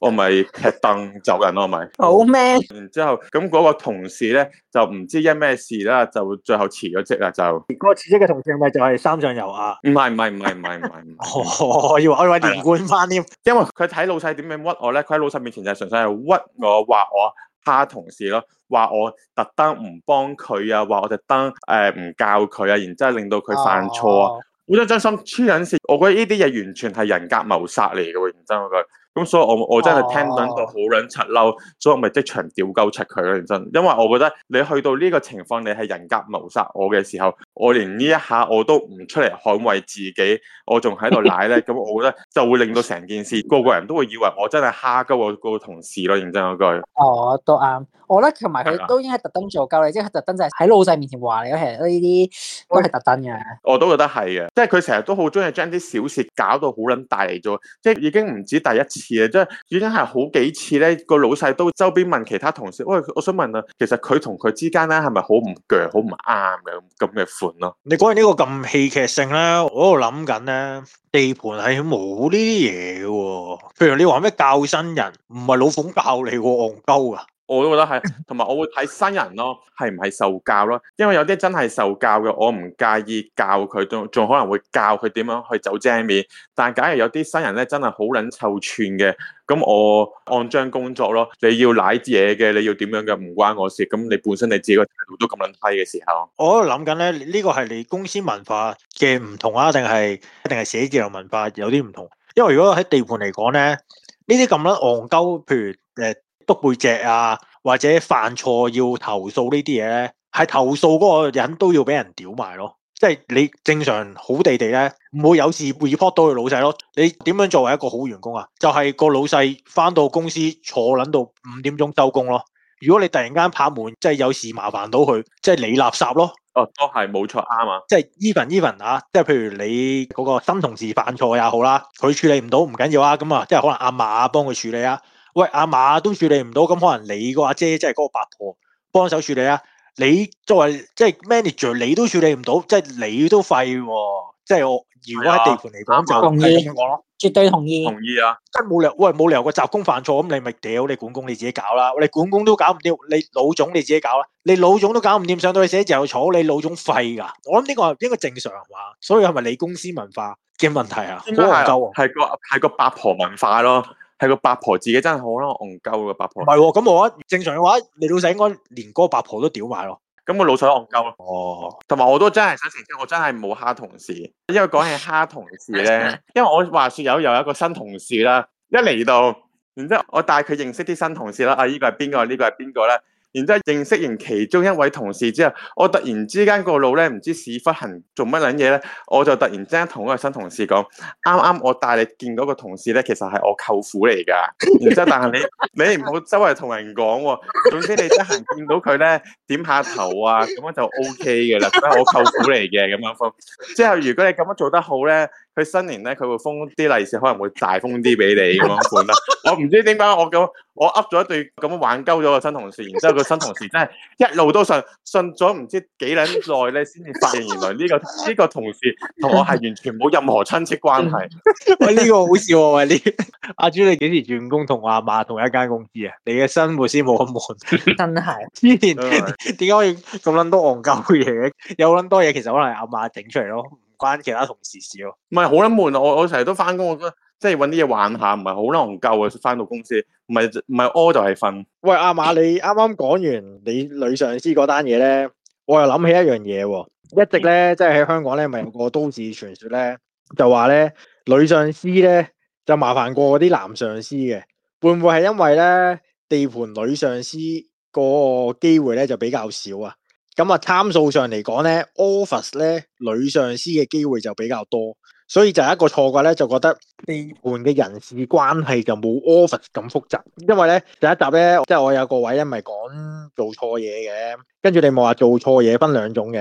我咪踢凳走人咯，係咪好咩？然之後咁嗰個同事咧就唔知因咩事啦，就最後辭咗職啦。就個辭職嘅同事係咪就係三上游啊？唔係唔係唔係唔係唔係唔係。我以為我以為連貫翻添， 因為佢睇老細點樣屈我咧，佢喺老細面前就純粹係屈我，話我蝦同事咯，話我特登唔幫佢啊，話我特登誒唔教佢啊，然之後令到佢犯錯啊。 我真真心黐緊線，我覺得呢啲嘢完全係人格謀殺嚟嘅喎，認真咁所以我我真係聽到好卵柒嬲，oh. 所以我咪即場屌鳩柒佢咯，認真。因為我覺得你去到呢個情況，你係人格謀殺我嘅時候，我連呢一下我都唔出嚟捍衛自己，我仲喺度奶咧，咁 我覺得就會令到成件事個個人都會以為我真係蝦鳩我個同事咯，認真嗰句。哦、oh, yeah.，都啱 Yeah.。我咧同埋佢都已經係特登做夠你，即係特登就係喺老細面前話你咯。其實呢啲都係特登嘅。我都覺得係嘅，即係佢成日都好中意將啲小事搞到好卵大嚟咗，即係已經唔止第一次。嘅即係已經係好幾次咧，個老細都周邊問其他同事，喂、哎，我想問啊，其實佢同佢之間咧係咪好唔鋸，好唔啱嘅咁嘅款咯？你講完呢個咁戲劇性咧，我喺度諗緊咧，地盤係冇呢啲嘢喎。譬如你話咩教新人，唔係老闆教你喎、哦，戇鳩啊！我都覺得係，同埋我會睇新人咯，係唔係受教咯？因為有啲真係受教嘅，我唔介意教佢，都仲可能會教佢點樣去走正面。但假如有啲新人咧，真係好撚臭串嘅，咁我按章工作咯。你要舐嘢嘅，你要點樣嘅，唔關我事。咁你本身你自己個態度都咁撚閪嘅時候，我喺度諗緊咧，呢個係你公司文化嘅唔同啊，定係定係寫字樓文化有啲唔同。因為如果喺地盤嚟講咧，呢啲咁樣戇鳩，譬如誒。呃督背脊啊，或者犯錯要投訴呢啲嘢咧，係投訴嗰個人都要俾人屌埋咯。即係你正常好地地咧，唔會有事 report 到去老細咯。你點樣作為一個好員工啊？就係、是、個老細返到公司坐撚到五點鐘收工咯。如果你突然間拍門，即係有事麻煩到佢，即係你垃，垃圾咯。哦，都係冇錯啱啊！即係 even even 啊，即係譬如你嗰個新同事犯錯也好啦，佢處理唔到唔緊要啊，咁啊，即係可能阿嫲啊幫佢處理啊。喂，阿馬都處理唔到，咁可能你姐姐個阿姐即係嗰個八婆幫手處理啊？你作為即係 manager，你都處理唔到，即係你都廢。即係我如果喺地盤嚟講，係我絕對同意。同意啊，得冇理由，喂，冇理由個雜工犯錯，咁你咪屌你管工你自己搞啦，我哋管工都搞唔掂，你老總你自己搞啦，你老總都搞唔掂，上到你去寫字樓坐，你老總廢噶。我諗呢個係應該正常嘛？係所以係咪你公司文化嘅問題啊？係個係個八婆文化咯。係個八婆自己真係好咯，戇鳩個八婆。唔係，咁我正常嘅話，你老細應該連個八婆都屌埋咯。咁個老細戇鳩咯。哦，同埋我都真係想澄清，我真係冇蝦同事。因為講起蝦同事咧， 因為我話說有有一個新同事啦，一嚟到，然之後我帶佢認識啲新同事啦。啊，呢個呢個、呢個係邊個？呢個係邊個咧？然之後認識完其中一位同事之後，我突然之間個腦咧唔知屎忽痕做乜撚嘢咧，我就突然之間同嗰個新同事講，啱啱我帶你見到個同事咧，其實係我舅父嚟噶。然之後但，但係你你唔好周圍同人講喎，哦。總之你得閒見到佢咧，點下頭啊，咁樣就 O K 嘅啦。咁係我舅父嚟嘅咁樣風。之後如果你咁樣做得好咧。佢新年咧，佢會封啲利是，可能會大封啲俾你咁樣。我唔知點解，我咁我 up 咗一對咁樣，玩鳩咗個新同事，然之後個新同事真係一路都信信咗，唔知幾捻耐咧，先至發現原來呢、呢個呢、呢個同事同我係完全冇任何親戚關係喂、呢個哦。喂，呢個好笑喎！喂、啊，阿朱，你幾時轉工同阿嫲同一間公司啊？你嘅生活先冇咁忙。真係之前點解可以咁捻多戇鳩嘢？有捻多嘢，其實可能阿嫲整出嚟咯。關其他同事事咯，啊，唔係好撚悶。我我成日都返工，我覺得即係揾啲嘢玩下，唔係好撚夠啊。返到公司，唔係唔係屙就係瞓。喂，阿、啊、馬，你啱啱講完你女上司嗰單嘢咧，我又諗起一樣嘢喎。一直咧，即係喺香港咧，咪有個都市傳說咧，就話咧女上司咧就麻煩過嗰啲男上司嘅，會唔會係因為咧地盤女上司個機會咧就比較少啊？咁啊，參數上嚟講咧，office 咧女上司嘅機會就比較多，所以就一個錯覺咧，就覺得地盤嘅人事關係就冇 office 咁複雜，因為咧第一集咧即係我有個位，因為講做錯嘢嘅。跟住你冇話做錯嘢分兩種嘅，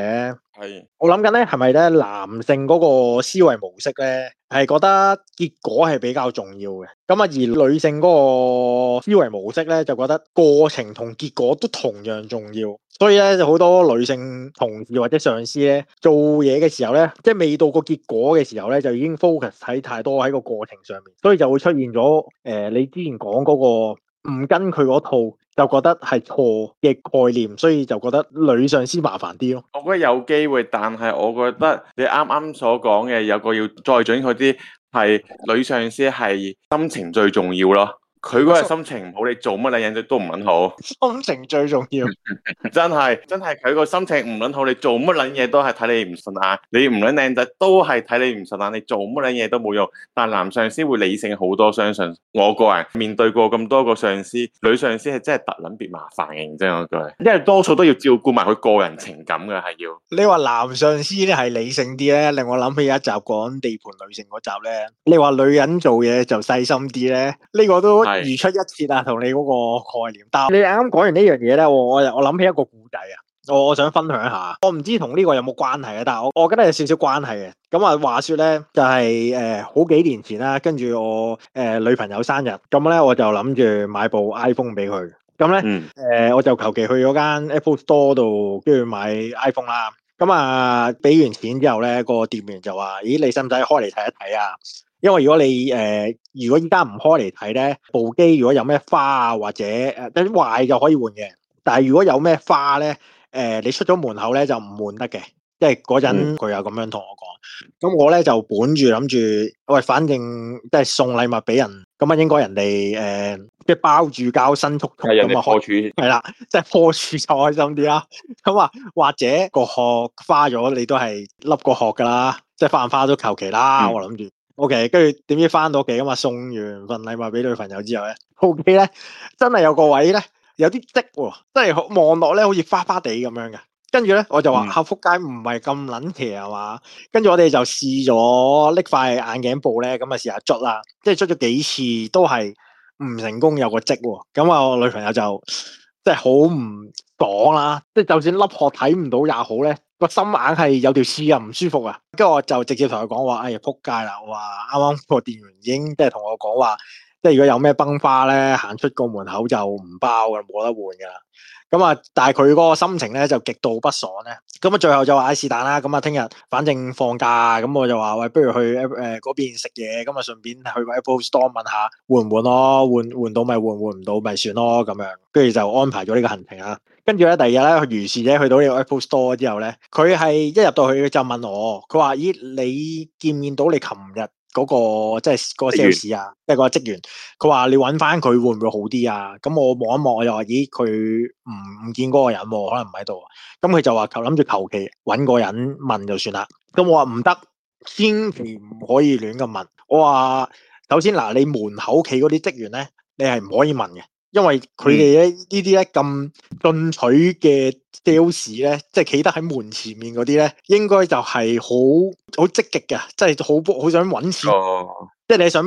係的我諗緊咧係咪咧男性嗰個思維模式咧係覺得結果係比較重要嘅，咁啊而女性嗰個思維模式咧就覺得過程同結果都同樣重要，所以咧就好多女性同事或者上司咧做嘢嘅時候咧即係未到個結果嘅時候咧就已經 focus 喺太多喺個過程上面，所以就會出現咗誒、呃、你之前講嗰個。唔跟佢嗰套，就覺得係錯嘅概念，所以就覺得女上司麻煩啲咯。我覺得有機會，但係我覺得你啱啱所講嘅有個要再準佢啲，係女上司係心情最重要咯。佢嗰日心情唔好，你做乜撚嘢都唔撚好。心情最重要， 真係真係佢個心情唔撚好，你做乜撚嘢都係睇你唔順眼。你唔撚靚仔都係睇你唔順眼，你做乜撚嘢都冇用。但係男上司會理性好多，相信我個人面對過咁多個上司，女上司係真係特捻別麻煩嘅，認真句，因為多數都要照顧埋佢個人情感嘅，係要。你話男上司咧係理性啲咧，令我諗起一集講地盤女性嗰集咧。你話女人做嘢就細心啲咧，呢個都。是如出一轍啊，同你嗰個概念。但係你啱啱講完呢樣嘢咧，我我諗起一個故仔啊，我我想分享一下。我唔知同呢個有冇關係啊，但係我我覺得有少少關係嘅。咁啊，話說咧，就係、是、誒、呃、好幾年前啦，跟住我誒、呃、女朋友生日，咁咧我就諗住買部 iPhone 俾佢。咁咧誒，我就求其去嗰間 Apple Store 度跟住買 iPhone 啦。咁啊，俾完錢之後咧，個店員就話：，咦，你使唔使開嚟睇一睇啊？因為如果你誒、呃，如果依家唔開嚟睇咧，部機如果有咩花啊或者誒有壞就可以換嘅，但係如果有咩花咧，誒、呃、你出咗門口咧就唔換得嘅，即係嗰陣佢又咁樣同我講。咁我咧就本住諗住，喂，反正即係送禮物俾人，咁啊應該人哋誒即係包住交申速速咁啊開。係啦，即係破處就開心啲啦。咁啊，或者個殼花咗，你都係笠個殼噶啦，即係花唔花都求其啦，我諗住、嗯。O.K.，跟住點知翻到屋企啊嘛，送完份禮物俾女朋友之後咧，O.K. 咧真係有個位咧，有啲積喎，即係望落咧好似花花地咁樣嘅。跟住咧，我就話客福街唔係咁撚奇係嘛？跟住我哋就試咗搦塊眼鏡布咧，咁啊試下捽啦，即係捽咗幾次都係唔成功，有個積喎。咁啊，我女朋友就即係好唔講啦，即係就算粒殼睇唔到也好咧。個心眼係有條刺啊，唔舒服啊，跟住我就直接同佢講話：哎呀，仆街啦！我話，啱啱個店員已經即係同我講話，即係如果有咩崩花咧，行出個門口就唔包噶，冇得換噶啦。咁、嗯、啊，但係佢嗰個心情咧就極度不爽咧。咁、嗯、啊，最後就話：唉、哎，是但啦。咁、嗯、啊，聽日反正放假啊，咁、嗯、我就話：喂，不如去 Apple 嗰、呃、邊食嘢，咁、嗯、啊，順便去個 Apple Store 問下換唔換咯，換換到咪換，換唔到咪算咯，咁樣。跟住就安排咗呢個行程啊。跟住咧，第二日咧，佢如是者去到呢個 Apple Store 之後咧，佢係一入到去就問我，佢話：咦，你見唔見到你琴日嗰個即係嗰個 sales 啊，即係個職員？佢話：你揾翻佢會唔會好啲啊？咁我望一望，我又話：咦，佢唔唔見嗰個人喎、啊，可能唔喺度。咁、嗯、佢就話：諗住求其揾個人問就算啦。咁、嗯、我話唔得，千祈唔可以亂咁問。我話：首先嗱，你門口企嗰啲職員咧，你係唔可以問嘅。因為佢哋咧，呢啲咧，咁進取嘅 sales 咧，即係企得喺門前面嗰啲咧，應該就係好好積極嘅，即係好好想搵錢，哦、即係你想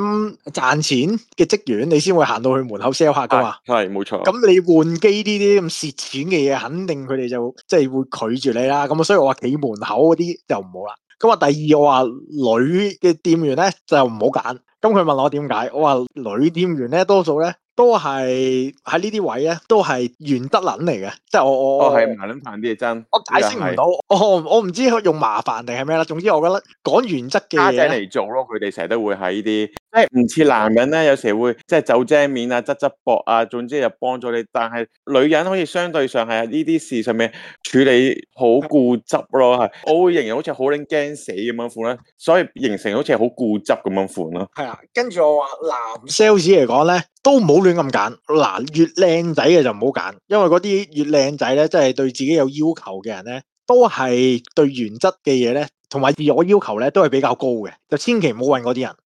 賺錢嘅職員，你先會行到去門口 sell 客噶嘛。係、哎哎、冇錯。咁你換機呢啲咁蝕錢嘅嘢，肯定佢哋就即係會拒絕你啦。咁啊，所以我話企門口嗰啲就唔好啦。咁啊，第二我話女嘅店員咧就唔好揀。咁佢問我點解？我話女店員咧多數咧都係喺呢啲位咧都係原則撚嚟嘅，即係我我我係麻撚煩啲嘅真。我解釋唔到，我唔知佢用麻煩定係咩啦。總之我覺得講原則嘅嘢嚟做咯，佢哋成日都會喺呢啲即係唔似男人咧，有時會即係走精面啊、側側膊啊，總之又幫咗你。但係女人好似相對上係呢啲事上面處理好固執咯。我會形容好似好撚驚死咁樣款啦，所以形成好似係好固執咁樣款咯。係啊。跟住我話男 sales 嚟講咧，都唔好亂咁揀。嗱，越靚仔嘅就唔好揀，因為嗰啲越靚仔咧，即係對自己有要求嘅人咧，都係對原則嘅嘢咧，同埋自我要求咧，都係比較高嘅，就千祈唔好揾嗰啲人。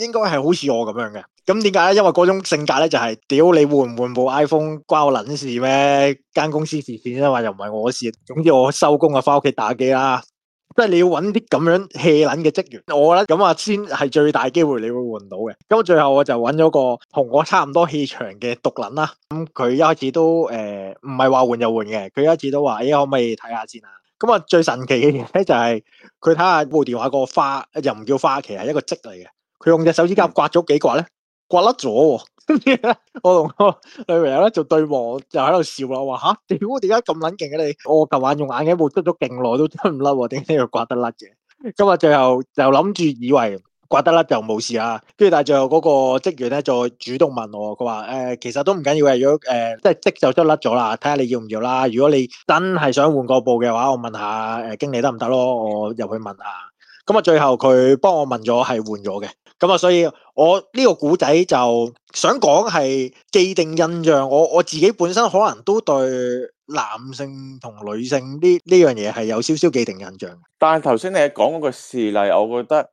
應該係好似我咁樣嘅，咁點解咧？因為嗰種性格咧就係、是、屌你換唔換部 iPhone 關我撚事咩？間公司事先啊嘛，又唔係我事，總之我收工啊，翻屋企打機啦。即係你要揾啲咁樣氣撚嘅職員，我咧咁啊，先係最大機會你會換到嘅。咁最後我就揾咗個同我差唔多氣場嘅毒撚啦。咁佢一開始都誒唔係話換就換嘅，佢一開始都話，哎可唔可以睇下先啊？咁啊最神奇嘅嘢咧就係佢睇下部電話個花，又唔叫花旗，係一個職嚟嘅。佢用隻手指甲刮咗幾刮咧，刮甩咗、哦。跟住咧，我同個女朋友咧做對望，就喺度笑啦。話吓，屌！點解點解咁撚勁嘅你？我琴晚用眼鏡布捽咗勁耐都捽唔甩，點解要刮得甩嘅？今日最後就諗住以為刮得甩就冇事啦。跟住但係就嗰個職員咧，再主動問我，佢話誒，其實都唔緊要嘅。如果誒、呃，即係即就捽甩咗啦，睇下你要唔要啦。如果你真係想換個部嘅話，我問下誒、呃、經理得唔得咯？我入去問下。咁啊，最後佢幫我問咗，係換咗嘅。咁啊、嗯，所以我呢個古仔就想講係既定印象，我我自己本身可能都對男性同女性呢呢樣嘢係有少少既定印象。但係頭先你講嗰個事例，我覺得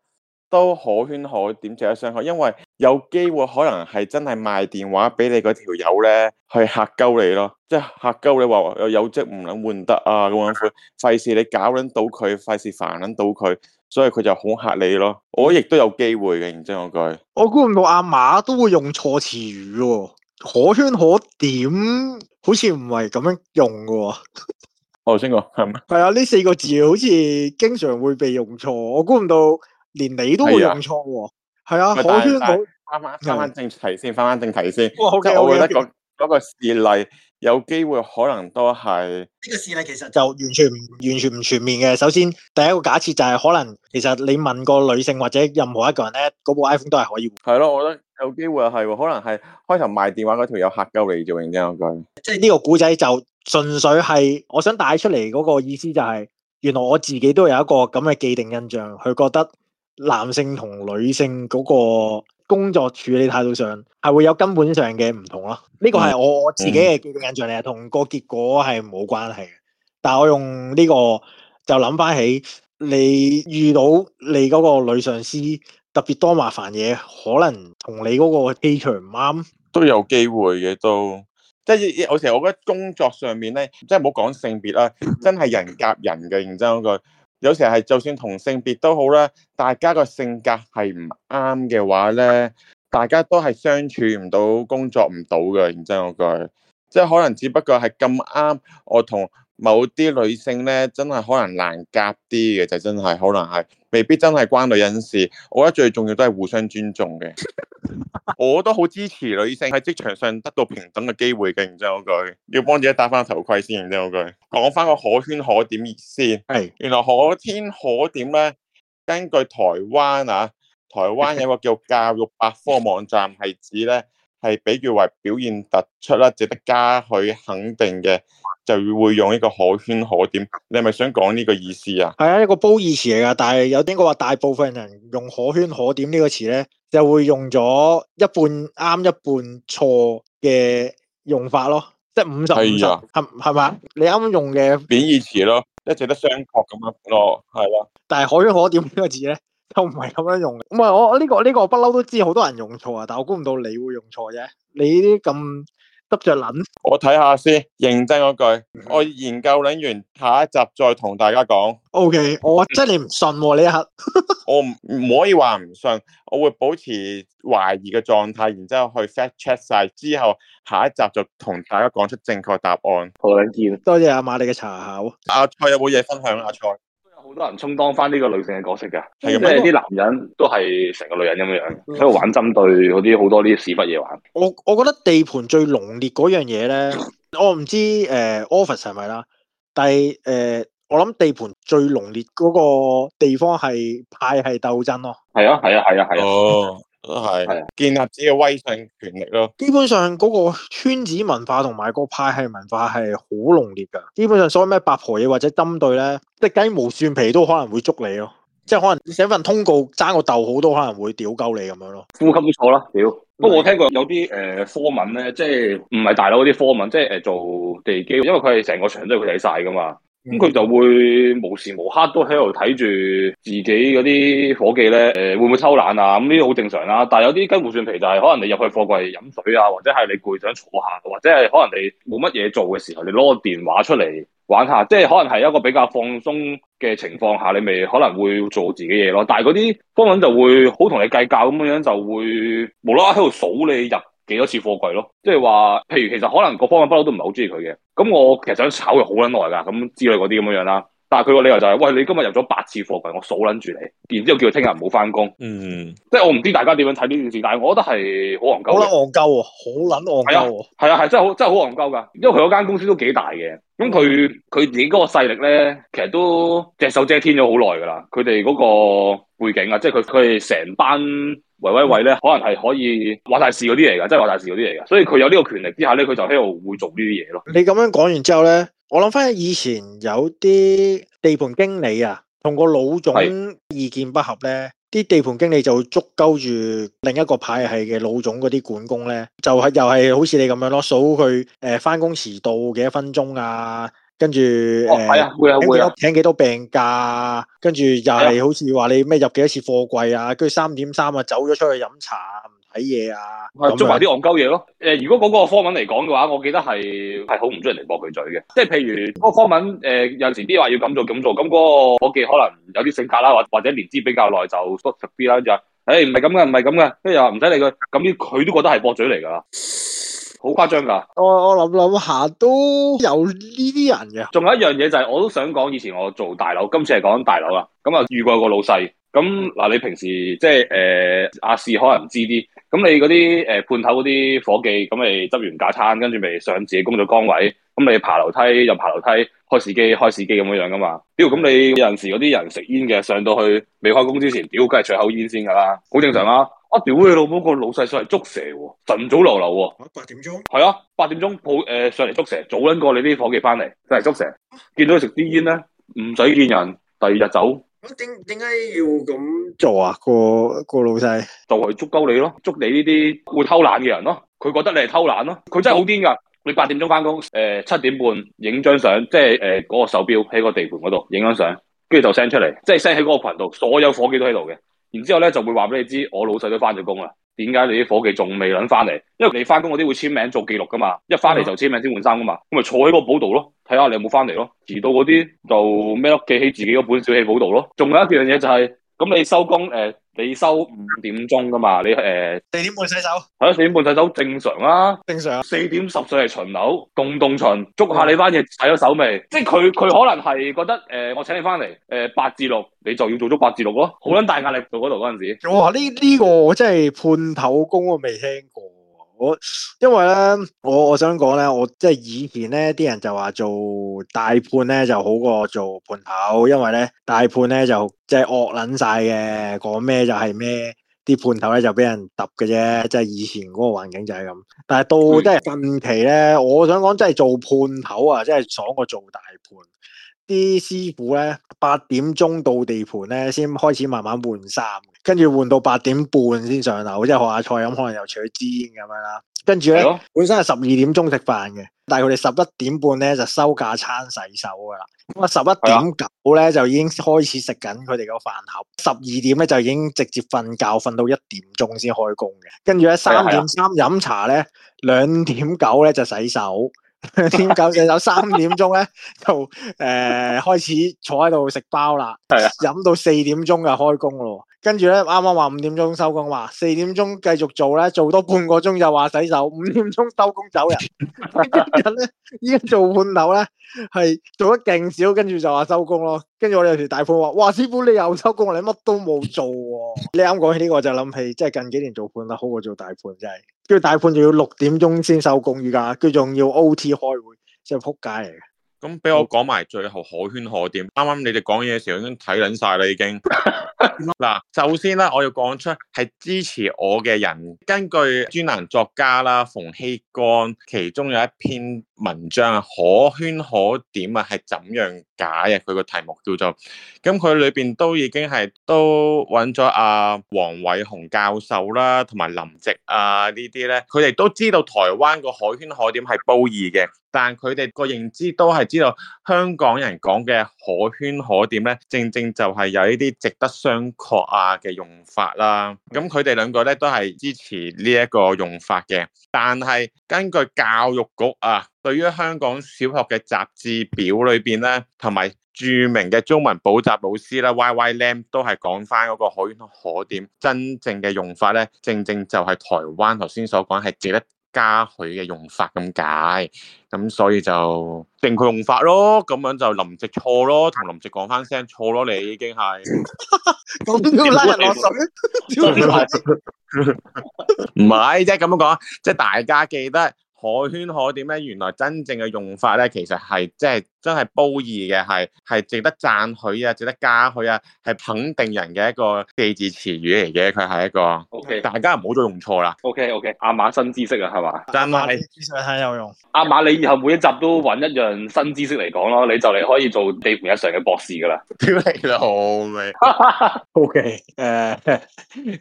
都可圈可點，值得商榷，因為有機會可能係真係賣電話俾你嗰條友咧，去嚇鳩你咯，即係嚇鳩你話有有職唔撚換得啊咁樣，費事你搞撚到佢，費事煩撚到佢。所以佢就恐嚇你咯，我亦都有機會嘅，認真講句。我估唔到阿馬都會用錯詞語、喎，可圈可點，好似唔係咁樣用嘅、喎。我先講係咩？係啊，呢四個字好似經常會被用錯，我估唔到連你都會用錯、喎。係啊，啊不可圈可點，又翻翻正題先，翻翻正題先。即係是我覺得嗰嗰 okay. 個事例。有機會可能都係呢個事咧，其實就完全唔完全唔全面嘅。首先，第一個假設就係可能，其實你問個女性或者任何一個人咧，部 iPhone 都係可以。係咯，我覺得有機會係，可能係開頭賣電話嗰條有吓鳩你做認真講。即係呢個古仔就純粹係，我想帶出嚟，嗰個意思就係、是，原來我自己都有一個咁嘅既定印象，佢覺得男性同女性嗰、那個。工作處理態度上係會有根本上嘅唔同咯，呢個係我我自己嘅記憶印象嚟嘅，同個結果係冇關係嘅。但係我用呢個就諗翻起你遇到你嗰個女上司特別多麻煩嘢，可能同你嗰個機場唔啱，都有機會嘅都。即係有時我覺得工作上面咧，即係唔好講性別啦，真係人夾人嘅，認真嗰句。有時係就算同性別都好啦，大家個性格係唔啱嘅話咧，大家都係相處唔到，工作唔到嘅。認真嗰句，即係可能只不過係咁啱我同。某啲女性咧，真係可能難夾啲嘅，就真係可能係未必真係關女人事。我覺得最重要都係互相尊重嘅。 我都好支持女性喺職場上得到平等嘅機會嘅。然之後句，要幫自己戴翻頭盔先。然之後句，講翻個可圈可點意思。係， 原來可圈可點咧，根據台灣啊，台灣有一個叫教育百科網站係指咧。係，比喻話表現突出啦，值得加許肯定嘅，就會用呢個可圈可點。你係咪想講呢個意思啊？係啊，一個褒義詞嚟噶，但係有啲我話大部分人用可圈可點呢個詞咧，就會用咗一半啱一半錯嘅用法咯，即係五十五十，係係嘛？你啱用嘅貶義詞咯，即係值得商榷咁樣咯，係、哦、咯。啊、但係可圈可點個呢個字咧？都唔係咁樣用嘅，唔係我呢、這個呢、這個不嬲都知好多人用錯啊，但係我估唔到你會用錯啫，你呢咁執着撚，我睇下先，認真嗰句，mm hmm. 我研究撚完下一集再同大家講。O、okay, K，我,、嗯、我真係唔信你一啊，一刻 我唔唔可以話唔信，我會保持懷疑嘅狀態，然之後去 fact check 晒之後，下一集就同大家講出正確答案。好撚見，多謝阿馬利嘅查考，阿、啊、蔡有冇嘢分享阿、啊、蔡？好多人充當翻呢個女性嘅角色嘅，的即係啲男人都係成個女人咁樣樣，喺度的玩針對嗰啲，好多啲屎忽嘢玩。我我覺得地盤最濃烈嗰樣嘢咧，我唔知誒、呃、Office 係咪啦，但係誒、呃、我諗地盤最濃烈嗰個地方係派系鬥爭咯。係啊係啊係啊係啊。都係，建立自己嘅威信權力咯。基本上嗰個圈子文化同埋個派系文化係好濃烈噶。基本上所謂咩八婆嘢，或者針對咧，即係雞毛蒜皮都可能會捉你咯。即係可能寫份通告爭個逗號都可能會屌鳩你咁樣咯。呼吸都錯啦，屌！不過我聽過有啲誒、呃、科文咧，即係唔係大佬嗰啲科文，即係誒、呃、做地基，因為佢係成個場都佢睇晒噶嘛。咁佢、嗯、就會無時無刻都喺度睇住自己嗰啲伙計咧，誒、呃、會唔會偷懶啊？咁呢啲好正常啦、啊。但係有啲雞毛蒜皮就係可能你入去貨櫃飲水啊，或者係你攰想坐下，或者係可能你冇乜嘢做嘅時候，你攞個電話出嚟玩下，即係可能係一個比較放鬆嘅情況下，你咪可能會做自己嘢咯、啊。但係嗰啲方粉就會好同你計較咁樣，就會無啦啦喺度數你入幾多次貨櫃咯，即係話，譬如其實可能個方向不嬲都唔係好中意佢嘅，咁我其實想炒佢好撚耐噶，咁之類嗰啲咁樣樣啦。但係佢個理由就係、是，喂，你今日入咗八次貨櫃，我數捻住你，然之後叫佢聽日唔好翻工。嗯，即係我唔知大家點樣睇呢件事，但係我覺得係好戇鳩。我覺得戇鳩，好捻戇鳩。係啊，係啊，係真係好真係好戇鳩噶。因為佢嗰間公司都幾大嘅，咁佢佢自己嗰個勢力咧，其實都隻手遮天咗好耐噶啦。佢哋嗰個背景啊，即係佢佢哋成班喂喂喂咧，嗯、可能係可以話大事嗰啲嚟噶，即係話大事嗰啲嚟噶。所以佢有呢個權力之下咧，佢就喺度會做呢啲嘢咯。你咁樣講完之後咧。我諗翻起以前有啲地盤經理啊，同個老總意見不合咧，啲是地盤經理就會捉鳩住另一個派系嘅老總嗰啲管工咧，就係又係好似你咁樣咯，數佢誒翻工遲到幾多分鐘啊，跟住誒請幾多請幾多病假，跟住又係好似話你咩入幾多次貨櫃啊，跟住三點三啊走咗出去飲茶。睇嘢啊，捉埋啲戇鳩嘢咯。誒、呃，如果講嗰個科文嚟講嘅話，我記得係係好唔中意人哋駁佢嘴嘅。即係譬如嗰、那個科文，誒、呃、有時啲話要咁做咁做，咁嗰個夥計可能有啲性格啦，或或者年資比較耐就 short 啲啦，欸、就誒唔係咁嘅，唔係咁嘅，跟住又唔使理佢。咁啲佢都覺得係駁嘴嚟㗎，好誇張㗎。我我諗諗下都有呢啲人嘅。仲有一樣嘢就係、是、我都想講，以前我做大樓，今次係講緊大樓啦。咁啊遇過一個老細，咁嗱、嗯、你平時即係誒、呃、阿仕可能唔知啲。咁你嗰啲誒判頭嗰啲伙計，咁你執完假餐，跟住咪上自己工作崗位。咁你爬樓梯又爬樓梯，開司機開司機咁嘅樣噶嘛？屌，咁你有陣時嗰啲人食煙嘅，上到去未開工之前，屌，梗係隨口煙先噶啦，好正常啦。啊，屌你老母個老細上嚟捉蛇喎，晨早流流喎，啊，八點鐘？係啊，八點鐘抱誒上嚟捉蛇，早撚過你啲伙計翻嚟上嚟捉蛇，見到佢食啲煙咧，唔使見人第二日走。咁點點解要咁做啊？個個老細就係捉鳩你咯，捉你呢啲會偷懶嘅人咯。佢覺得你係偷懶咯，佢真係好癲㗎。你八點鐘返工，誒七點半影張相，即係誒嗰個手表喺個地盤嗰度影張相，跟住就 send 出嚟，即係 send 喺嗰個群度，所有伙計都喺度嘅。然之後呢就會話俾你知，我老細都返咗工啦。點解你啲伙計仲未能返嚟？因為你返工嗰啲會簽名做記錄㗎嘛，一返嚟就簽名先換衫㗎嘛。咁咪坐喺個簿度咯，睇下你有冇返嚟咯。遲到嗰啲就咩咯，記起自己嗰本小氣簿度咯。仲有一樣嘢就係、是。咁你收工誒，你收五點鐘噶嘛？你誒四點半洗手，係啊，四點半洗手正常啦，正常、啊。四點十歲係巡樓，動動巡，捉下你班嘢，洗咗手未？即係佢佢可能係覺得誒、呃，我請你翻嚟誒八至六，呃、6, 你就要做足八至六咯，好撚大壓力到嗰度嗰陣時。哇！呢呢、這個我真係判頭工我未聽過。我因為咧，我我想講咧，我即係以前咧，啲人就話做大判咧就好過做判頭，因為咧大判咧就即係惡撚晒嘅，講咩就係咩，啲判頭咧就俾人揼嘅啫，即係以前嗰個環境就係咁。但係到即係近期咧，我想講即係做判頭啊，即係爽過做大判。啲師傅咧八點鐘到地盤咧先開始慢慢換衫，跟住換到八點半先上樓，即係學下菜咁，可能又除咗支煙咁樣啦。跟住咧，的本身係十二點鐘食飯嘅，但係佢哋十一點半咧就收架餐、洗手噶啦。咁啊，十一點九咧就已經開始食緊佢哋個飯盒，十二點咧就已經直接瞓覺，瞓到一點鐘先開工嘅。跟住咧，的三點三飲茶咧，兩點九咧就洗手。 點九就有三點鐘咧，就誒、呃、開始坐喺度食包啦，係啊，飲到四點鐘就開工咯。跟住咧，啱啱話五點鐘收工，話四點鐘繼續做咧，做多半個鐘就話洗手，五點鐘收工走人。一日咧，依家做判樓咧係做得勁少，跟住就話收工咯。跟住我哋有條大判話，哇，師傅你又收工，你乜都冇做喎。你啱講起呢個就諗起，即係近幾年做判啦，好過做大判真係。跟住大判仲要六點鐘先收工依家，佢仲要 OT 開會，真係撲街嚟。咁俾我講埋最後可圈可點，啱啱你哋講嘢嘅時候已經睇撚晒啦，已經。嗱， 首先啦、啊，我要講出係支持我嘅人，根據專欄作家啦，馮睎乾其中有一篇。文章啊，可圈可點啊，係怎樣解嘅？佢個題目叫做，咁佢裏邊都已經係都揾咗阿黃偉雄教授啦，同埋林夕啊呢啲咧，佢哋都知道台灣個可圈可點係褒義嘅，但佢哋個認知都係知道香港人講嘅可圈可點咧，正正就係有呢啲值得商榷啊嘅用法啦。咁佢哋兩個咧都係支持呢一個用法嘅，但係根據教育局啊。對於香港小學嘅雜誌表裏邊咧，同埋著名嘅中文補習老師啦，Y Y Lam 都係講翻嗰個可圈可點，真正嘅用法咧，正正就係台灣頭先所講係值得嘉許嘅用法咁解。咁所以就正確用法咯，咁樣就林夕錯咯，同林夕講翻聲錯咯，你已經係咁要拉落水，唔係啫？咁 樣講，即係大家記得。可圈可點咧，原來真正嘅用法咧，其實係即係。真係褒義嘅，係係值得讚許啊，值得嘉許啊，係肯定人嘅一個四字詞語嚟嘅。佢係一個，Okay. 大家唔好再用錯啦。O K O K，阿馬新知識啊，係嘛？阿馬瑪，你知識係有用。阿馬，你以後每一集都揾一樣新知識嚟講咯，你就嚟可以做地盤日常嘅博士噶啦。屌你老味。O K，誒，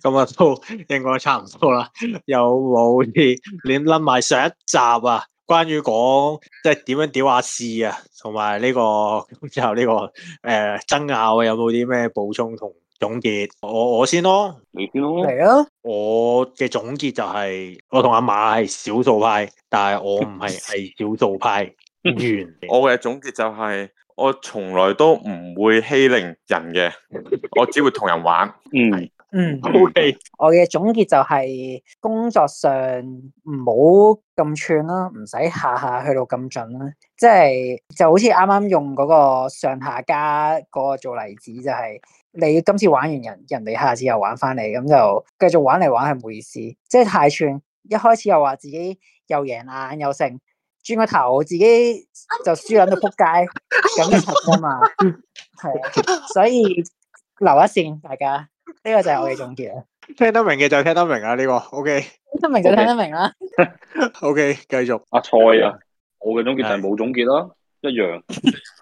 咁啊都應該差唔多啦。有冇啲你諗甩埋上一集啊？關於講即係點樣屌阿 Sir 啊，同埋呢個之後呢個誒、呃、爭拗，有冇啲咩補充同總結？我我先咯，你先咯，嚟啊！我嘅總結就係、是、我同阿馬係少數派，但係我唔係係少數派。完。 我嘅總結就係、是、我從來都唔會欺凌人嘅，我只會同人玩。嗯。嗯，OK，我嘅總結就係工作上唔好咁串啦，唔使下下去到咁準啦，即係就好似啱啱用嗰個上下家嗰個做例子，就係你今次玩完人，人哋下次又玩翻你，咁就繼續玩嚟玩係冇意思，即係太串。一開始又話自己又贏硬又勝，轉個頭自己就輸撚到扑街，咁樣啊嘛，係啊，所以留一線大家。呢個就係我嘅總結啊！聽得明嘅就聽得明啊！呢個 OK，聽得明就聽得明啦。OK，繼續阿蔡啊！我嘅總結就係冇總結啦，一樣。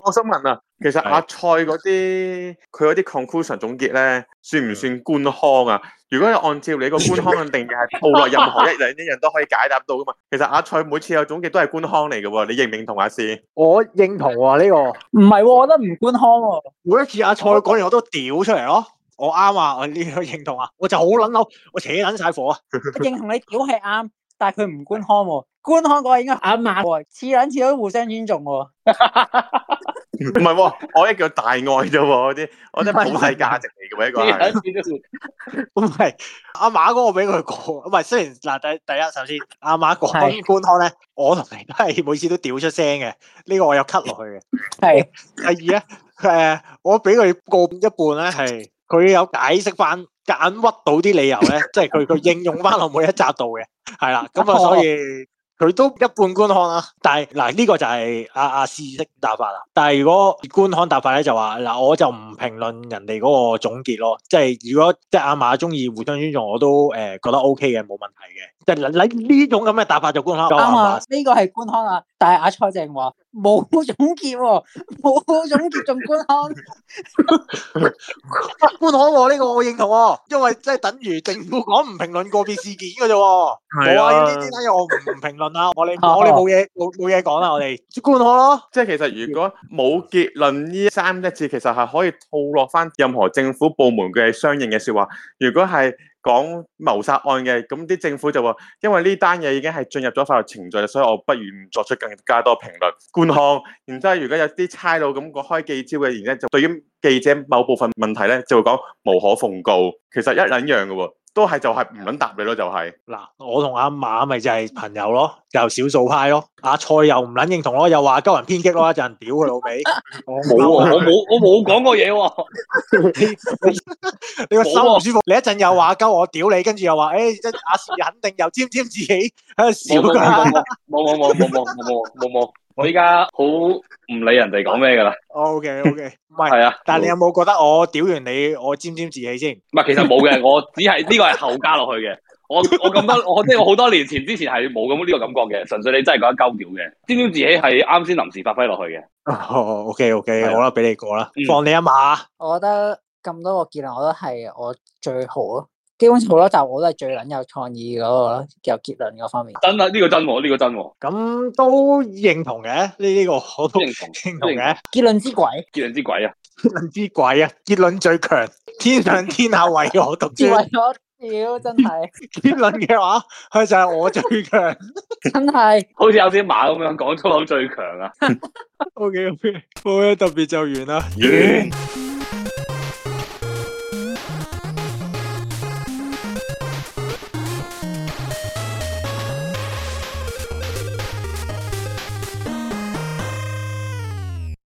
我想問啊，其實阿蔡嗰啲佢嗰啲 conclusion 總結咧，算唔算官腔啊？如果係按照你個官腔嘅定義，係套落任何一樣一樣都可以解答到噶嘛？其實阿蔡每次有總結都係官腔嚟噶喎，你認唔認同阿 Sir？我認同啊，呢、啊這個唔係喎，我覺得唔官腔喎。每一次阿蔡講完我都屌出嚟咯。我啱啊！我呢個認同啊！我就好撚嬲，我扯卵晒火啊！ 認同你屌係啱，但係佢唔官腔喎、啊，官腔嗰個應該阿馬、啊，次卵次都互相尊重喎、啊。唔係喎，我一叫大愛啫，嗰啲我真係冇大價值嚟嘅喎，一個係。唔係阿馬嗰個俾佢過，唔係雖然嗱第第一首先阿馬講官腔咧，我同你都係每次都屌出聲嘅，呢、這個我有 cut 落去嘅。係第二咧，誒、呃、我俾佢過一半咧係。佢有解釋翻揀屈到啲理由咧， 即係佢佢應用翻落每一集度嘅，係啦，咁啊，所以佢都一半官腔啦。但係嗱呢個就係阿阿思式答法啦。但係如果官腔答法咧，就話嗱，我就唔評論人哋嗰個總結咯。即係如果即係阿馬中意互相尊重，我都誒、呃、覺得 O K 嘅，冇問題嘅。即係嗱呢種咁嘅答法就官腔啦。啱啊吧，呢個係官腔啦。但係阿蔡正話。冇總結、啊、結，冇總結，仲官腔，官腔喎？呢個我認同、啊，因為即係等於政府講唔評論個別事件嘅啫。冇是啊，啊，呢啲啲嘢我唔評論啦，我哋我哋冇嘢冇冇嘢講啦、啊，我哋官腔咯。即係其實如果冇結論呢三隻字，其實係可以套落返任何政府部門嘅相應嘅說話。如果係。講謀殺案嘅，咁啲政府就話，因為呢單嘢已經係進入咗法律程序，所以我不如作出更加多評論。觀看，然之後如果有啲差佬咁個開記招嘅，然之後就對於記者某部分問題咧，就會講無可奉告。其實一兩樣嘅喎。都係就係唔捻答你咯，就係、是、嗱，我同阿馬咪就係朋友咯，又少數派咯，阿蔡又唔捻認同咯，又話鳩人偏激咯，一陣屌佢老味，我冇啊，我 冇 你，我冇講過嘢喎，你個心唔舒服， 你一陣又話鳩我屌你，跟住又話誒，阿、欸、士肯定又沾沾自喜喺度笑噶，冇冇冇冇冇冇冇冇。我依家好唔理人哋講咩噶啦。O K O K，唔係係啊。但係你有冇覺得我屌完你，我沾沾自喜先？唔係，其實冇嘅。 我只係呢個係後加落去嘅。我咁多我覺得我即係我好多年前之前係冇咁呢個感覺嘅。純粹你真係覺得鳩屌嘅。沾沾自喜係啱先臨時發揮落去嘅。O K O K，好啦，俾你講啦，放你一馬。嗯、我覺得咁多個結論，我都係我最好咯。基本上好多集我都係最撚有創意嗰個，有結論嗰方面。真啊，呢個真啊，呢個真啊。咁都認同嘅，呢、呢、呢個我都認同，認同嘅。結論之鬼，結論之鬼啊， 結論之鬼啊，結論最強，天上天下唯我獨尊。屌真係，結論嘅話，佢就係我最強，真係。好似有啲馬咁樣講粗口最強啊。O K O K，冇咩特別就完啦。完 yeah.